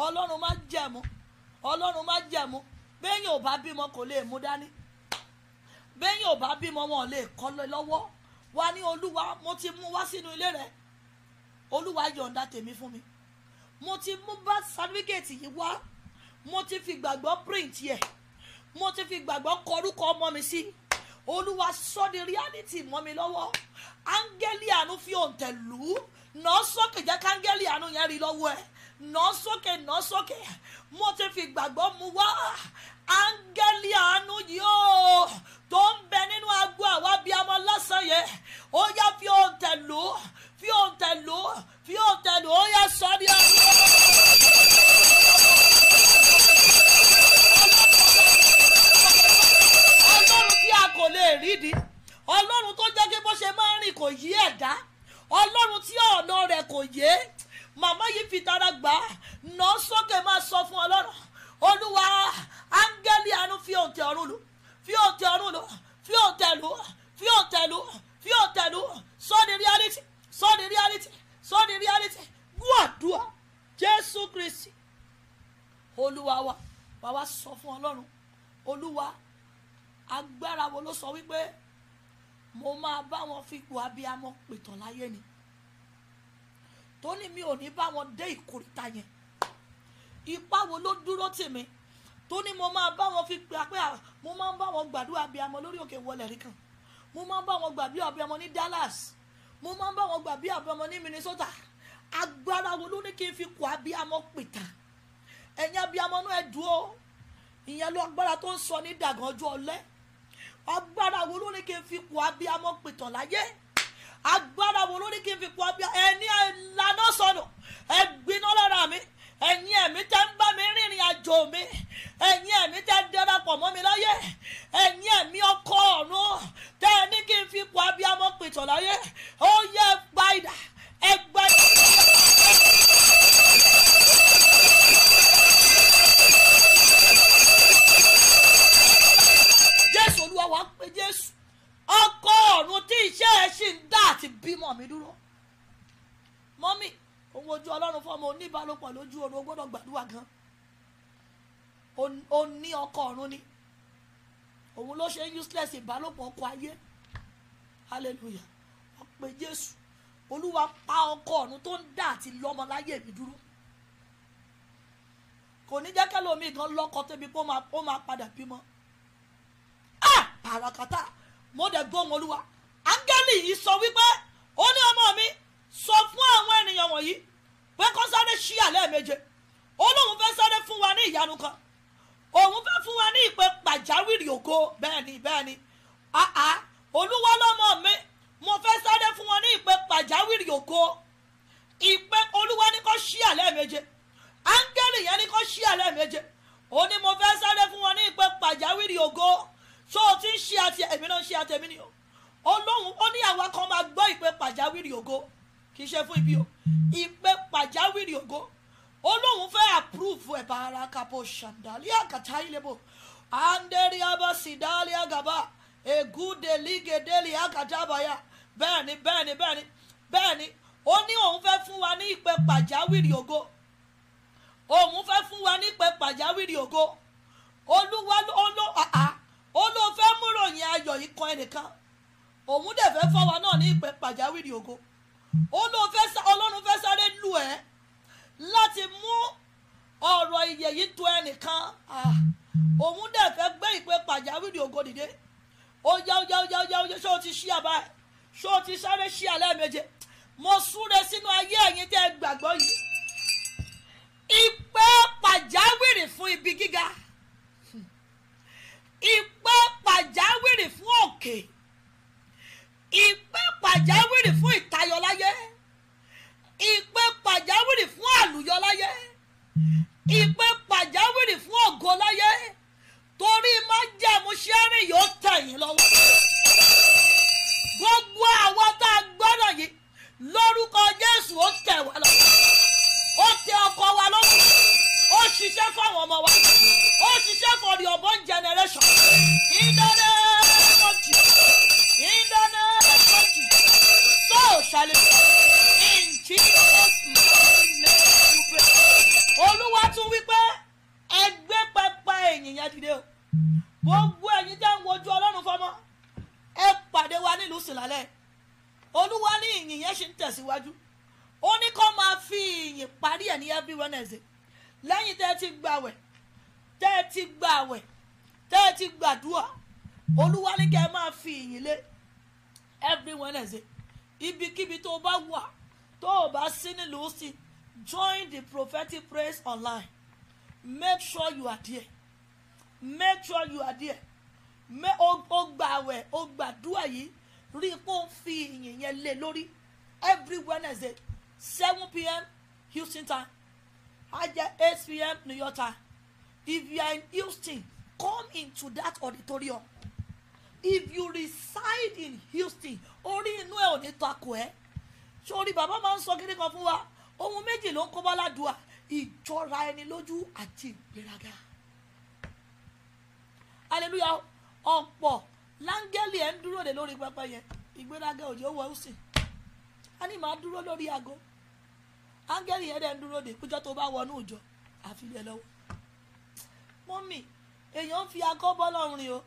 ọlọ́run má jẹ̀mú ọlọ́run má jẹ̀mú bẹ́ẹ̀ yóò bá bímọ kò lè mú dání bẹ́ẹ̀ yóò bá bímọ wọn lè kọ́ lọ́wọ́ wá ní olúwa mo ti mú wá sínú ilé rẹ olúwa yọ̀ǹda tèmi fún mi mo ti mú bá sáfíkẹ́ẹ̀tì yìí wá mo ti fi gbàgbọ́ print yẹ mo ti fi gbàgbọ́ kọrúkọ ọmọ mi sí olúwa sọ di reality mọ́ mi lọ́wọ́ áńgẹ́lì àánú fi òǹtẹ̀ lù ú nà ọ́ sókè jẹ́ káńgẹ́lì àánú yẹn rí lọ́wọ́ ẹ̀ nà án sókè nà án sókè mo ti fi gbàgbọ́ mu wá áńgẹ́lì àánú yìí ó tó ń bẹ nínú agbo àwa bíi ọmọ lọ́sàn yẹn ó yá fi òun tẹ̀ fi òun tẹ̀ fi òun tẹ̀ lò ó yá sọ ní ọdún. ọlọ́run tí a kò lè rídìí ọlọ́run tó jẹ́ kí bó ṣe máa ń rìn kò yí ẹ̀dá ọlọ́run tí ọ̀nà rẹ̀ kò yé màmá yìí fi tara gbà á nà án sókè máa sọ fún ọlọ́run olúwa áńgẹ́lì àánú fi òǹtẹ̀ ọ̀run lò fi òǹtẹ̀ ọ̀run lò fi òǹtẹ̀ lò fi òǹtẹ̀ lò fi òǹtẹ̀ lò sọ́ni reality sọ́ni reality sọ́ni reality gbọ́dọ̀ jésù kristi olúwa wa wàá wá sọ fún ọlọ́run olúwa agbára wo ló sọ wípé mo máa bá wọn fi ipò abiyamọ pètàn láyé ni tó ní mi ò ní bá wọn dé ìkórìtà yẹn ipá wo ló dúró tì mí tó ní mo máa bá wọn fi gbà pé mo máa ń bá wọn gbàdúrà bí amọ lórí òkè wọlé rí kan mo máa ń bá wọn gbàdúrà bí amọ ní Dallas mo máa ń bá wọn gbàdúrà bí amọ ní Minnesota agbára wo ló ní kí n fi kọ́ abiyamọ pìtà ẹ̀yin abiyamọ náà ẹ̀ dúró ìyẹn ló agbára tó ń sọ ní dàgànjú ọlẹ́ agbára wo ló ní kí n fi kọ́ abiyamọ pìtàn láyé agbára wo lórí kí n fi pọ̀ bí ẹni ìlànà sọnù ẹ gbiná lára mi ẹ̀yin ẹ̀mí tẹ́ ń bá mi rìnrìn àjò mi ẹ̀yin ẹ̀mí tẹ́ ń darapọ̀ mọ́ mi láyé ẹ̀yin ẹ̀mí ọkọ ọ̀run tẹ́ ẹ ní kí n fi pọ̀ abiyamọ pìtàn láyé ó yẹ gba ìdá ẹ gba ìdá. ọ̀run tí iṣẹ́ ẹ sì ń dá àti bímọ mi dúró mọ́mì òun ojú ọlọ́run fọmọ oníbálòpọ̀ lójú oorun ó gbọ́dọ̀ gbàdúrà gan ó ní ọkọ ọ̀run ni òun ló ṣe useless ìbálòpọ̀ ọkọ ayé hallelujah ọpẹ jésù olúwa pa ọkọ ọ̀run tó ń dá àti lọ́mọ láyé mi dúró kò ní jẹ́ kẹ́lómi gan lọ́kọ tẹ́bi kó máa padà bímọ ah àràkàtà mo dẹ̀ gbóhùn olúwa áńgẹ́lì yìí sọ wípé ó ní ọmọ mi sọ fún àwọn ènìyàn wọ̀nyí pé kó sáré ṣí àlẹ́ méje ó lóun fẹ́ sáré fún wa ní ìyanu kan òun fẹ́ fún wa ní ìpè pàjáwìrì ògo bẹ́ẹ̀ ni bẹ́ẹ̀ ni àá olúwa lọ́mọ mi mo fẹ́ sáré fún wọn ní ìpè pàjáwìrì ògo ìpè olúwa ní kó ṣí àlẹ́ méje áńgẹ́lì yẹn ní kó ṣí àlẹ́ méje ó ní mo fẹ́ sáré fún wọn ní ìpè pàjáwìrì ògo so o ti ń ṣe àti èmi náà ń ṣe àti èmi ni o olóhùn ó ní àwa kan máa gbọ́ ìpè pàjáwìrì ògo kì í ṣe fún ibi o ìpè pàjáwìrì ògo olóhùn fẹ́ àpúrúfù ẹ̀ bàrà kapo ṣàǹdálí àkàtà ìlẹ́bọ̀ àǹdẹ̀rì abàṣìdálì àgàbà ègúdèlígèdèlì àkàtà àbáyà bẹ́ẹ̀ ni bẹ́ẹ̀ ni bẹ́ẹ̀ ni bẹ́ẹ̀ ni ó ní òun fẹ́ fún wa ní ìpè pàjáwìrì ògo òun fẹ́ fún wa ní ìpè pàjáwìrì ògo olúwa ló ló àá ó ló fẹ́ mú ròyìn ayọ̀ yìí kan ẹnìkan òun dẹ̀ fẹ́ fọ́ wa náà ní ìpè pàjáwìrì ògo ó ló fẹ́ ọlọ́run fẹ́ sáré lù ẹ́ láti mú ọ̀rọ̀ ìyè yìí tó ẹnìkan ah, òun dẹ̀ fẹ́ gbé ìpè pàjáwìrì ògo dìde ó yá ó yá ó yá ó yá ó yá ṣé o ti ṣí àbá ẹ̀ ṣé o ti sáré ṣí àlẹ́ méje mo súre sínú ayé ẹ̀yin tẹ́ gbàgbọ́ yìí ìpè pàjáwìrì fún ibi gíga ìpè pàjáwìrì fún òkè ìpè pàjáwìrì fún ìtayọláyé ìpè pàjáwìrì fún àlùyọláyé ìpè pàjáwìrì fún ògóláyé torí máa ń jẹ́ àmúṣẹ́rìn yóò tẹ̀yìn lọ́wọ́ gbogbo àwọn tá a gbọ́dọ̀ yìí lórúkọ Jésù ó tẹ̀ wá lọ́wọ́ ó tẹ ọkọ wa lọ́wọ́ ó ṣiṣẹ́ fáwọn ọmọ wa ó ṣiṣẹ́ for the urban generation ìdáná ẹ̀kọ́jì ìdáná ẹ̀kọ́jì so shall it be in Jesus name you pray olúwa tún wípé ẹgbẹ́ pẹpẹ ènìyàn dìde o gbogbo ẹ̀yin jẹ́ ń wojú ọlọ́run fọmọ ẹ pàdé wa nílùú sílálẹ̀ olúwa ní ìyìn yẹn ṣe ń tẹ̀síwájú ó ní kó máa fi ìyìn parí ẹ̀ ní every wednesday lẹ́yìn tẹ́ ẹ ti gbàwẹ̀ tẹ́ ẹ ti gbàwẹ̀ tẹ́ ẹ ti gbàdúrà olúwa ní kẹ́ ẹ máa fi ìyìn lé every wednesday ibikíbi tó o bá wà tó o bá sí nílùú sí join the prophetic praise online make sure you are there make sure you are there me o gbàwẹ̀ o gbàdúrà yìí rí i pé o fi ìyìn yẹn lé lórí every wednesday seven pm houston time ajẹ eight pm new if you are in houston come into that auditorium if you reside in houston orí inú ẹ ò ní takò ẹ sórí bàbá máa ń sọ kíní kan fún wa ohun méjì ló ń kó bọ́ládùá ìjọra ẹni lójú àti ìgbéraga hallelujah ọ̀pọ̀ láńgẹ́lì ẹ̀ ń dúró de lórí pẹpẹ yẹn ìgbéraga òjò wọ houston a ní màá dúró lórí aago áńgẹ́lì yẹn dẹ̀ ń dúró de péjọ tó bá wọnú ìjọ àfilẹ̀ lọ́wọ́ mọ́mì èèyàn ń fi akọ́ bọ́lọ́run rìn o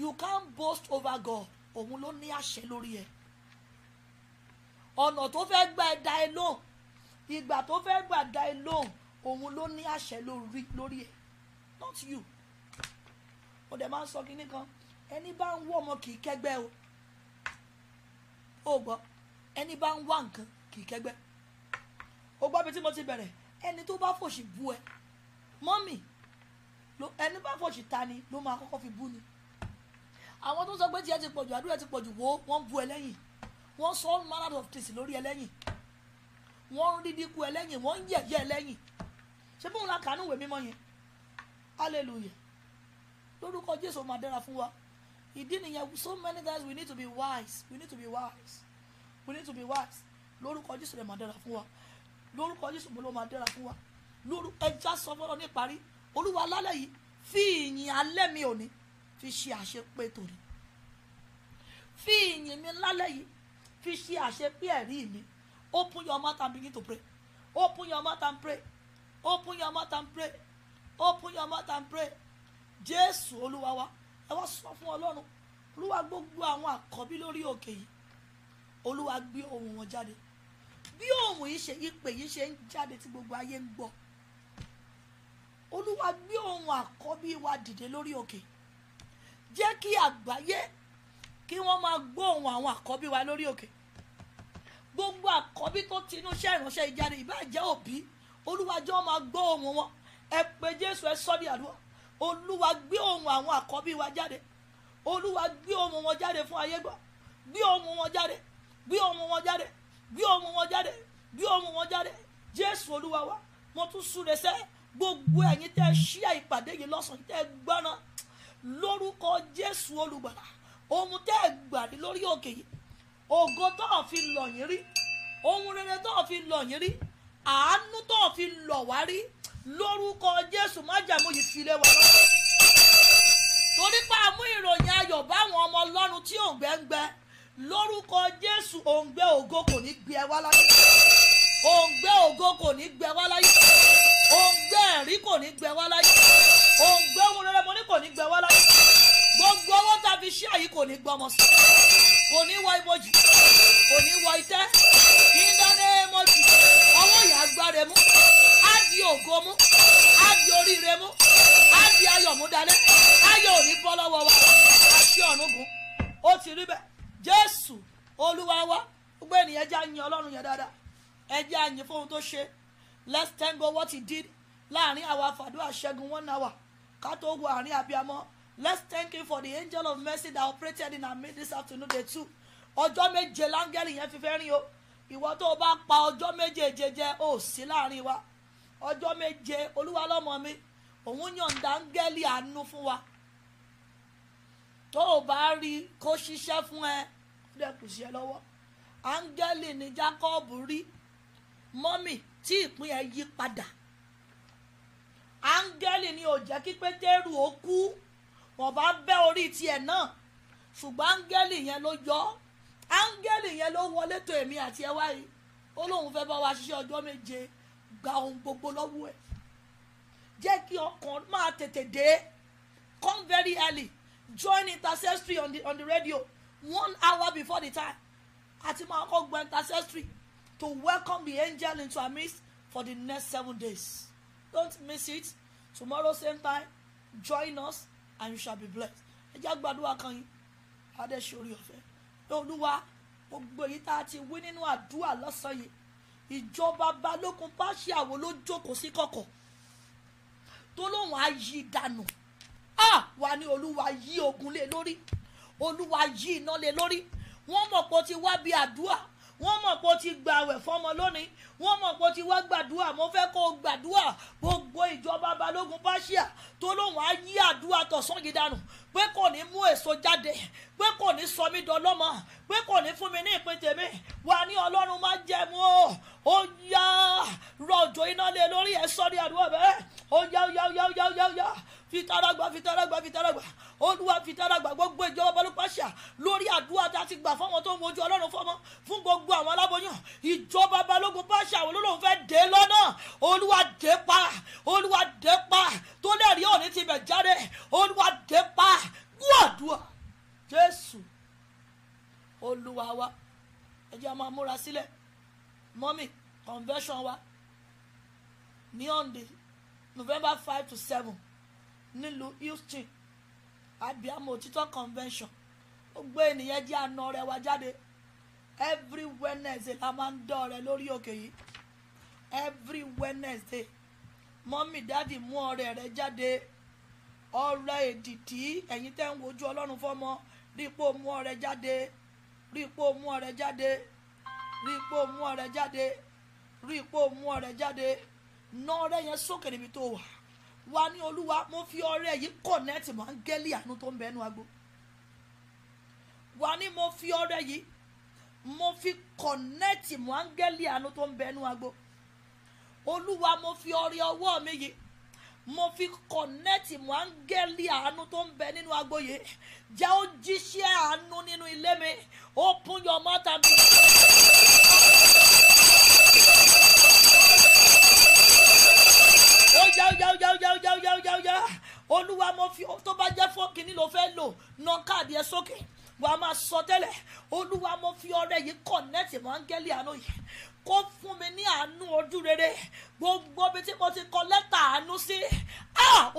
you can't boast over God òun ló ní àṣẹ lórí ẹ ọ̀nà tó fẹ́ gbà ẹ dá ẹ lóhùn ìgbà tó fẹ́ gbà dá ẹ lóhùn òun ló ní àṣẹ lórí ẹ not you ó dẹ̀ máa ń sọ kinní kan ẹni bá ń wọ́ ọmọ kì í kẹ́gbẹ́ o ó gbọ́ ẹni bá ń wá nǹkan kì í kẹgbẹ́ o gbọ́ bí tí mo ti bẹ̀rẹ̀ ẹni tó bá fòṣì bú ẹ mọ́mì ẹni bá fòṣì ta ni ló máa kọ́kọ́ fi bú ni àwọn tó sọ pé tiẹ̀ ti pọ̀jù àdúrà ti pọ̀jù wo wọ́n bú ẹ lẹ́yìn wọ́n sọ all manner of things lórí ẹ lẹ́yìn wọ́n ń dídíkù ẹ lẹ́yìn wọ́n ń yẹ̀yẹ́ ẹ lẹ́yìn ṣé bóun la kàánú ìwé mímọ́ yẹn hallelujah lórúkọ Jésù máa dára fún wa ìdí nìyẹn so many times we need to be wise we need to be wise we need to be wise lórúkọ jésù rẹ̀ máa dára fún wa lórúkọ jésù mo ló máa dára fún wa lóru ẹja sọ fọlọ ní ìparí olúwa lálẹ́ yìí fi ìyìn alẹ́ mi òní fi ṣe àṣepé tòní fi ìyìn mi lálẹ́ yìí fi ṣe àṣepé ẹ̀rí mi open your mouth and begin to pray open your mouth and pray open your mouth and pray open your mouth and pray jésù olúwa wa ẹ wá sọ fún ọlọ́run olúwa gbogbo àwọn àkọ́bí lórí òkè yìí olúwa gbé ohùn wọn jáde bí ohùn yìí ṣe ìpè yìí ṣe ń jáde tí gbogbo ayé ń gbọ́ olúwa gbé ohùn àkọ́bí wa dìde lórí òkè jẹ́ kí àgbáyé kí wọ́n máa gbọ́ ohùn àwọn àkọ́bí wa lórí òkè gbogbo àkọ́bí tó ti inú iṣẹ́ ìránṣẹ́ ìjáde ìbáàjẹ́ òbí olúwa jọ̀ọ́ máa gbọ́ ohùn wọn ẹ pé jésù ẹ sọ́ di àdúrà olúwa gbé ohùn àwọn àkọ́bí wa jáde olúwa gbé ohùn wọn jáde fún ayé gbọ́ gbé ohùn wọn jáde gbé ohun wọn jáde gbé ohun wọn jáde gbé ohun wọn jáde jésù olúwa wa mo tún súre sẹ́ gbogbo ẹ̀yin tẹ́ ṣí àìpàdé yìí lọ́sàn-án tẹ́ lórúkọ jésù olùgbàlà ohun tẹ́ gbàdí lórí òkè yìí ògo tó o fi lọ̀ yín rí ohun rere tó o fi lọ̀ yín rí àánú tó o fi lọ̀ wá rí lórúkọ jésù májàmú yìí filé wa lọ́wọ́ torí pé a ìròyìn ayọ̀ báwọn ọmọ ọlọ́run tí ò ń gbẹ́ngbẹ́ lórúkọ jésù òǹgbẹ ògo kò ní gbé ẹ wá láyé òǹgbẹ ògo kò ní gbé ẹ wá láyé òǹgbẹ ẹ̀rí kò ní gbé ẹ wá láyé òǹgbẹ ohun rere mo ní kò ní gbé ẹ wá láyé gbogbo owó tá a fi ṣí àyí kò ní gbọmọ sí kò ní wọ ibojì kò ní wọ itẹ́ ìdáná ẹmọjì ọwọ́ ìyá agbára mú á ògo mú á oríire mú á ayọ̀ mú dalẹ̀ ayọ̀ ò bọ́ lọ́wọ́ wa àti ọ̀nùgún ó ti rí bẹ́ẹ̀. jésù Olúwawa, wa gbogbo ènìyàn jẹ́ àyìn ọlọ́run yẹn dáadáa ẹ jẹ́ àyìn fún ohun tó ṣe let's thank God what he did láàrin àwa àfàdúrà ṣẹ́gun one hour ká tó wo àárín abiyamọ let's thank him for the angel of mercy that operated in our midst this afternoon day two ọjọ́ méje láńgẹ́lì yẹn fi fẹ́ rìn o ìwọ tó o bá pa ọjọ́ méjèèje jẹ ò sí láàrin wa ọjọ́ méje olúwa lọ́mọ mi òun yọ̀ǹda áńgẹ́lì àánú fún wa tó o bá rí kó ṣiṣẹ́ fún ẹ dẹ́kun sí ẹ lọ́wọ́ áńgẹ́lì ni Jacob rí mọ́mì tí ìpín ẹ yí padà áńgẹ́lì ni ò jẹ́ kí pétérù ó kú wọ́n bá bẹ́ orí tiẹ̀ náà ṣùgbọ́n áńgẹ́lì yẹn ló yọ áńgẹ́lì yẹn ló wọlé tó èmi àti ẹ wáyé ó lóun fẹ́ bá wa ṣiṣẹ́ ọjọ́ méje gba ohun gbogbo lọ́wọ́ ẹ̀ jẹ́ kí ọkàn máa tètè dé come very early join intercessory on the on the radio one hour before the time àti máa kọ́ gbọ́ intercessory to welcome the angel into our midst for the next seven days don't miss it tomorrow same time join us and you shall be blessed ẹ jẹ́ gbàdúrà kan yín adéṣorí ọ̀fẹ́ olúwa gbogbo èyí tá a ti wí nínú àdúrà lọ́sàn-án yìí ìjọba balógun bá ṣe àwo ló jókòó sí kọ̀kọ̀ tó lóun á yí dànù ah wà ní olúwa yí ogun lé lórí olúwa yí iná lé lórí wọ́n mọ̀ pé ó ti wá bí àdúrà wọ́n mọ̀ pé ó ti gba àwẹ̀ fọ́mọ lónìí wọ́n mọ̀ pé ó ti wá gbàdúrà mo fẹ́ kó o gbàdúrà gbogbo ìjọba balógun pàṣíà tó lóun á yí àdúrà tọ̀sán yìí dànù pé kò ní mú èso jáde pé kò ní sọ mí dọlọ́mọ pé kò ní fún mi ní ìpín tèmi wà ní ọlọ́run má jẹ̀mú o ó yá rọ̀jò iná lé lórí ẹ̀ sọ́ọ́rí àdúrà bẹ́ẹ̀ ó yá ó yá yá yá yá fìtàràgbà fìtàràgbà fìtàràgbà olúwa fìtàràgbà gbogbo ìjọba balùpàṣà lórí àdúrà tá a ti gbà fọmọ tó ń mojú ọlọ́run fọmọ fún gbogbo àwọn aláboyún ìjọba balógun pàṣà àwọn olóòrùn fẹ́ dé lọ́nà olúwa dé pa olúwa dé pa tó lẹ́rìí òní ti bẹ̀ jáde olúwa dé pa gbọ́dọ̀ jésù olúwa wa ẹ jẹ́ a máa múra sílẹ̀ mọ́mì convention wa ní ọ̀ndẹ̀ november five to seven nílùú Houston abiamu òtítọ́ convention ó gbé ènìyàn jẹ́ àna rẹ̀ wá jáde every Wednesday la máa ń dán rẹ̀ lórí òkè yìí every Wednesday mọ́mì dáàdì mú ọ̀rẹ́ rẹ̀ jáde ọ̀rẹ́ èdìdí ẹ̀yin tẹ́ ń wojú ọlọ́run fọ́mọ rí ipò mú ọ̀rẹ́ jáde rí ipò mú ọ̀rẹ́ jáde rí ipò mú ọ̀rẹ́ jáde rí mú ọ̀rẹ́ jáde ná ọ̀rẹ́ yẹn sókè níbi tó wà wà ní olúwa mo fi ọrẹ yìí connect mọ áńgẹ́lì àánú tó ń bẹ ẹnu agbo wà ní mo fi ọrẹ yìí mo fi connect mọ áńgẹ́lì àánú tó ń bẹ ẹnu agbo olúwa mo fi ọrẹ ọwọ́ mi yìí mo fi kọ̀nẹ́ẹ̀tì mọ́ áńgẹ́lì àánú tó ń bẹ nínú agbo yìí jẹ́ ó jíṣẹ́ àánú nínú ilé mi open your mouth and be. yá ó yá ó yá ó ya ó yá ó yá ó yá ó yá olúwa mo fi tó bá jẹ́ fún kínní ló fẹ́ lò ná káàdì ẹ sókè wàá máa sọ tẹ́lẹ̀ olúwa mo fi ọrẹ yìí kọ̀nẹ́tì mọ́ áńgẹ́lì àánú yìí kó fún mi ní àánú ojú rere gbogbo ibi tí mo ti kọ lẹ́tà àánú sí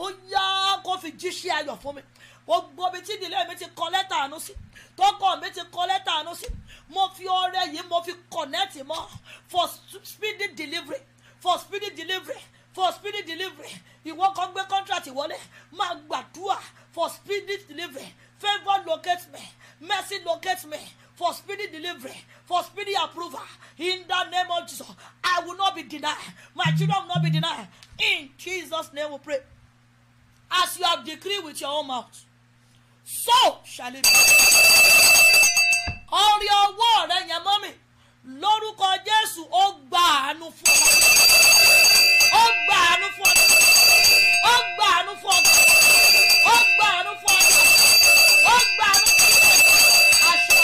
ó yá kó fi jíṣẹ́ ayọ̀ fún mi gbogbo ibi tí ìdílé mi ti kọ lẹ́tà àánú sí tọkọ mi ti kọ lẹ́tà àánú sí mo fi ọrẹ yìí mo fi kọ̀nẹ́tì mọ́ for speedy delivery for speedy delivery for speedy delivery ìwọ kan gbé contract wọlé máa gbàdúrà for speedy delivery favour locate me mercy locate me for speedy delivery for speedy approval in the name of jesus i will not be denied my children will not be denied in jesus name we pray as you have decreed with your own mouth so shall it be. ọrẹ ọwọ́ rẹ yẹn mọ́ mi lórúkọ jésù ó gbà àánú fún ọ ó gba àánú fún ọdún ó gba àánú fún ọdún ó gba àánú fún ọdún ó gba àánú fún ọdún àṣọ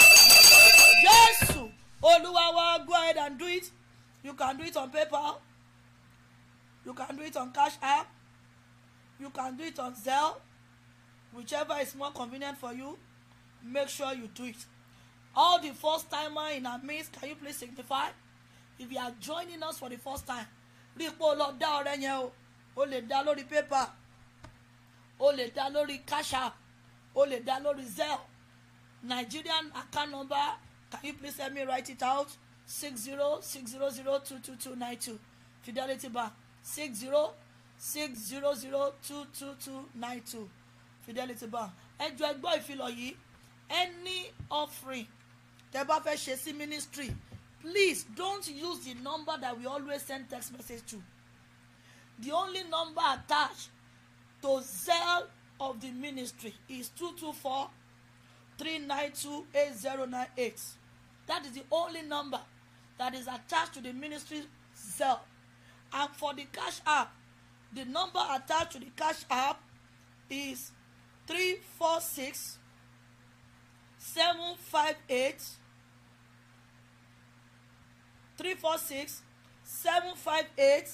jésù olúwawa go ahead and do it you can do it on paypal you can do it on cash app you can do it on zelle whichever is more convenient for you make sure you do it all the first timer in our midst can you please signify if you are joining us for the first time rí pé o lọ dá ọ̀rẹ́ yẹn o o lè dá lórí pépà o lè dá lórí káṣà o lè dá lórí zelle nigerian account number can you please help me write it out six zero six zero zero two two two nine two fidelity bank six zero six zero zero two two two nine two fidelity bank ẹjọ ẹgbọ́ ìfilọ̀ yìí any offering tẹ bá fẹ́ ṣe sí ministry please don't use the number that we always send text message to the only number attached to zell of the ministry is two two four three nine two eight zero nine eight that is the only number that is attached to the ministry zell and for the cash app the number attached to the cash app is three four six seven five eight three four six seven five eight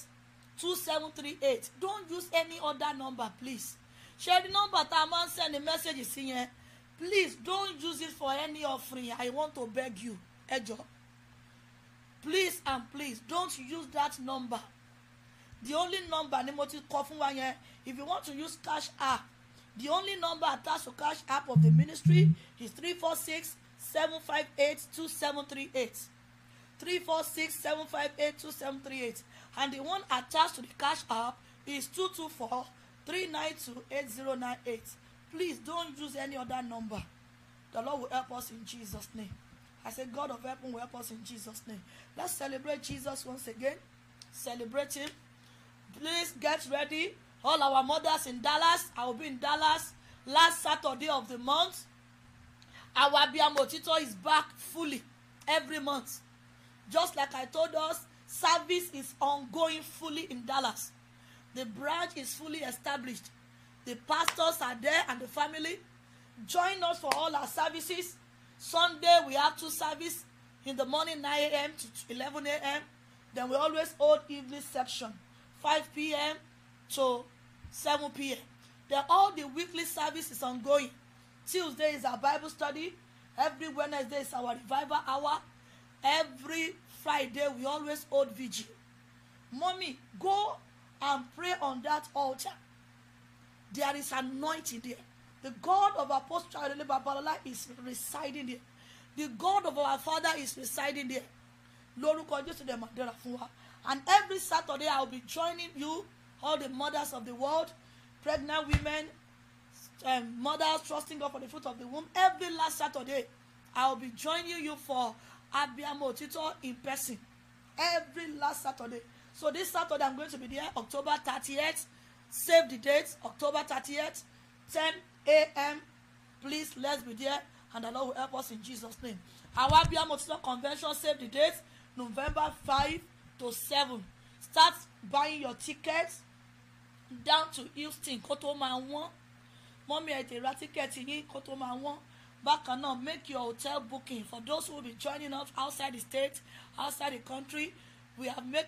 two seven three eight don't use any other number please Share the number tá a máa the message sí yẹn please don't use it for any offering i want to beg you ẹ please and please don't use that number the only number ni mo ti kọ fún wa yẹn if you want to use cash app the only number attached to cash app of the ministry is three four six seven five eight two seven three eight three four six seven five eight two seven three eight and the one attached to the cash app is two two four three nine two eight zero nine eight please don't use any other number the lord will help us in jesus name i say god of heaven will help us in jesus name let's celebrate jesus once again celebrate him please get ready all our mothers in dallas i will be in dallas last saturday of the month our biamotito is back fully every month just like i told us service is ongoing fully in dallas the branch is fully established the pastors are there and the family join us for all our services sunday we have two services in the morning 9 a.m. to 11 a.m. Then we always hold evening section 5 p.m. to 7 p.m. Then all the weekly service is ongoing. Tuesday is our Bible study. Every Wednesday is our revival hour every friday we always hold vigil mommy go and pray on that altar there is anointing there the god of apostle adele babalọla is residing there the god of our father is residing there lórúkọ jésù dẹ̀ máa dára wa and every saturday i will be joining you all the mothers of the world pregnant women um, mothers trusting God for the fruit of the womb every last Saturday. I will be joining you for Abiyamo Otito in person every last Saturday. So this Saturday I'm going to be there October 30 Save the date October 30th, 10 a.m. Please let's be there and the Lord will help us in Jesus' name. Our Abiyamo Otito convention save the date November 5 to 7. Start buying your tickets down to Houston Koto tó máa wọ́n mọ́mí ẹ̀ tẹ̀ ra tíkẹ́ẹ̀tì yín kó tó máa bákan náà make your hotel booking for those who will be joining us outside the state outside the country we have make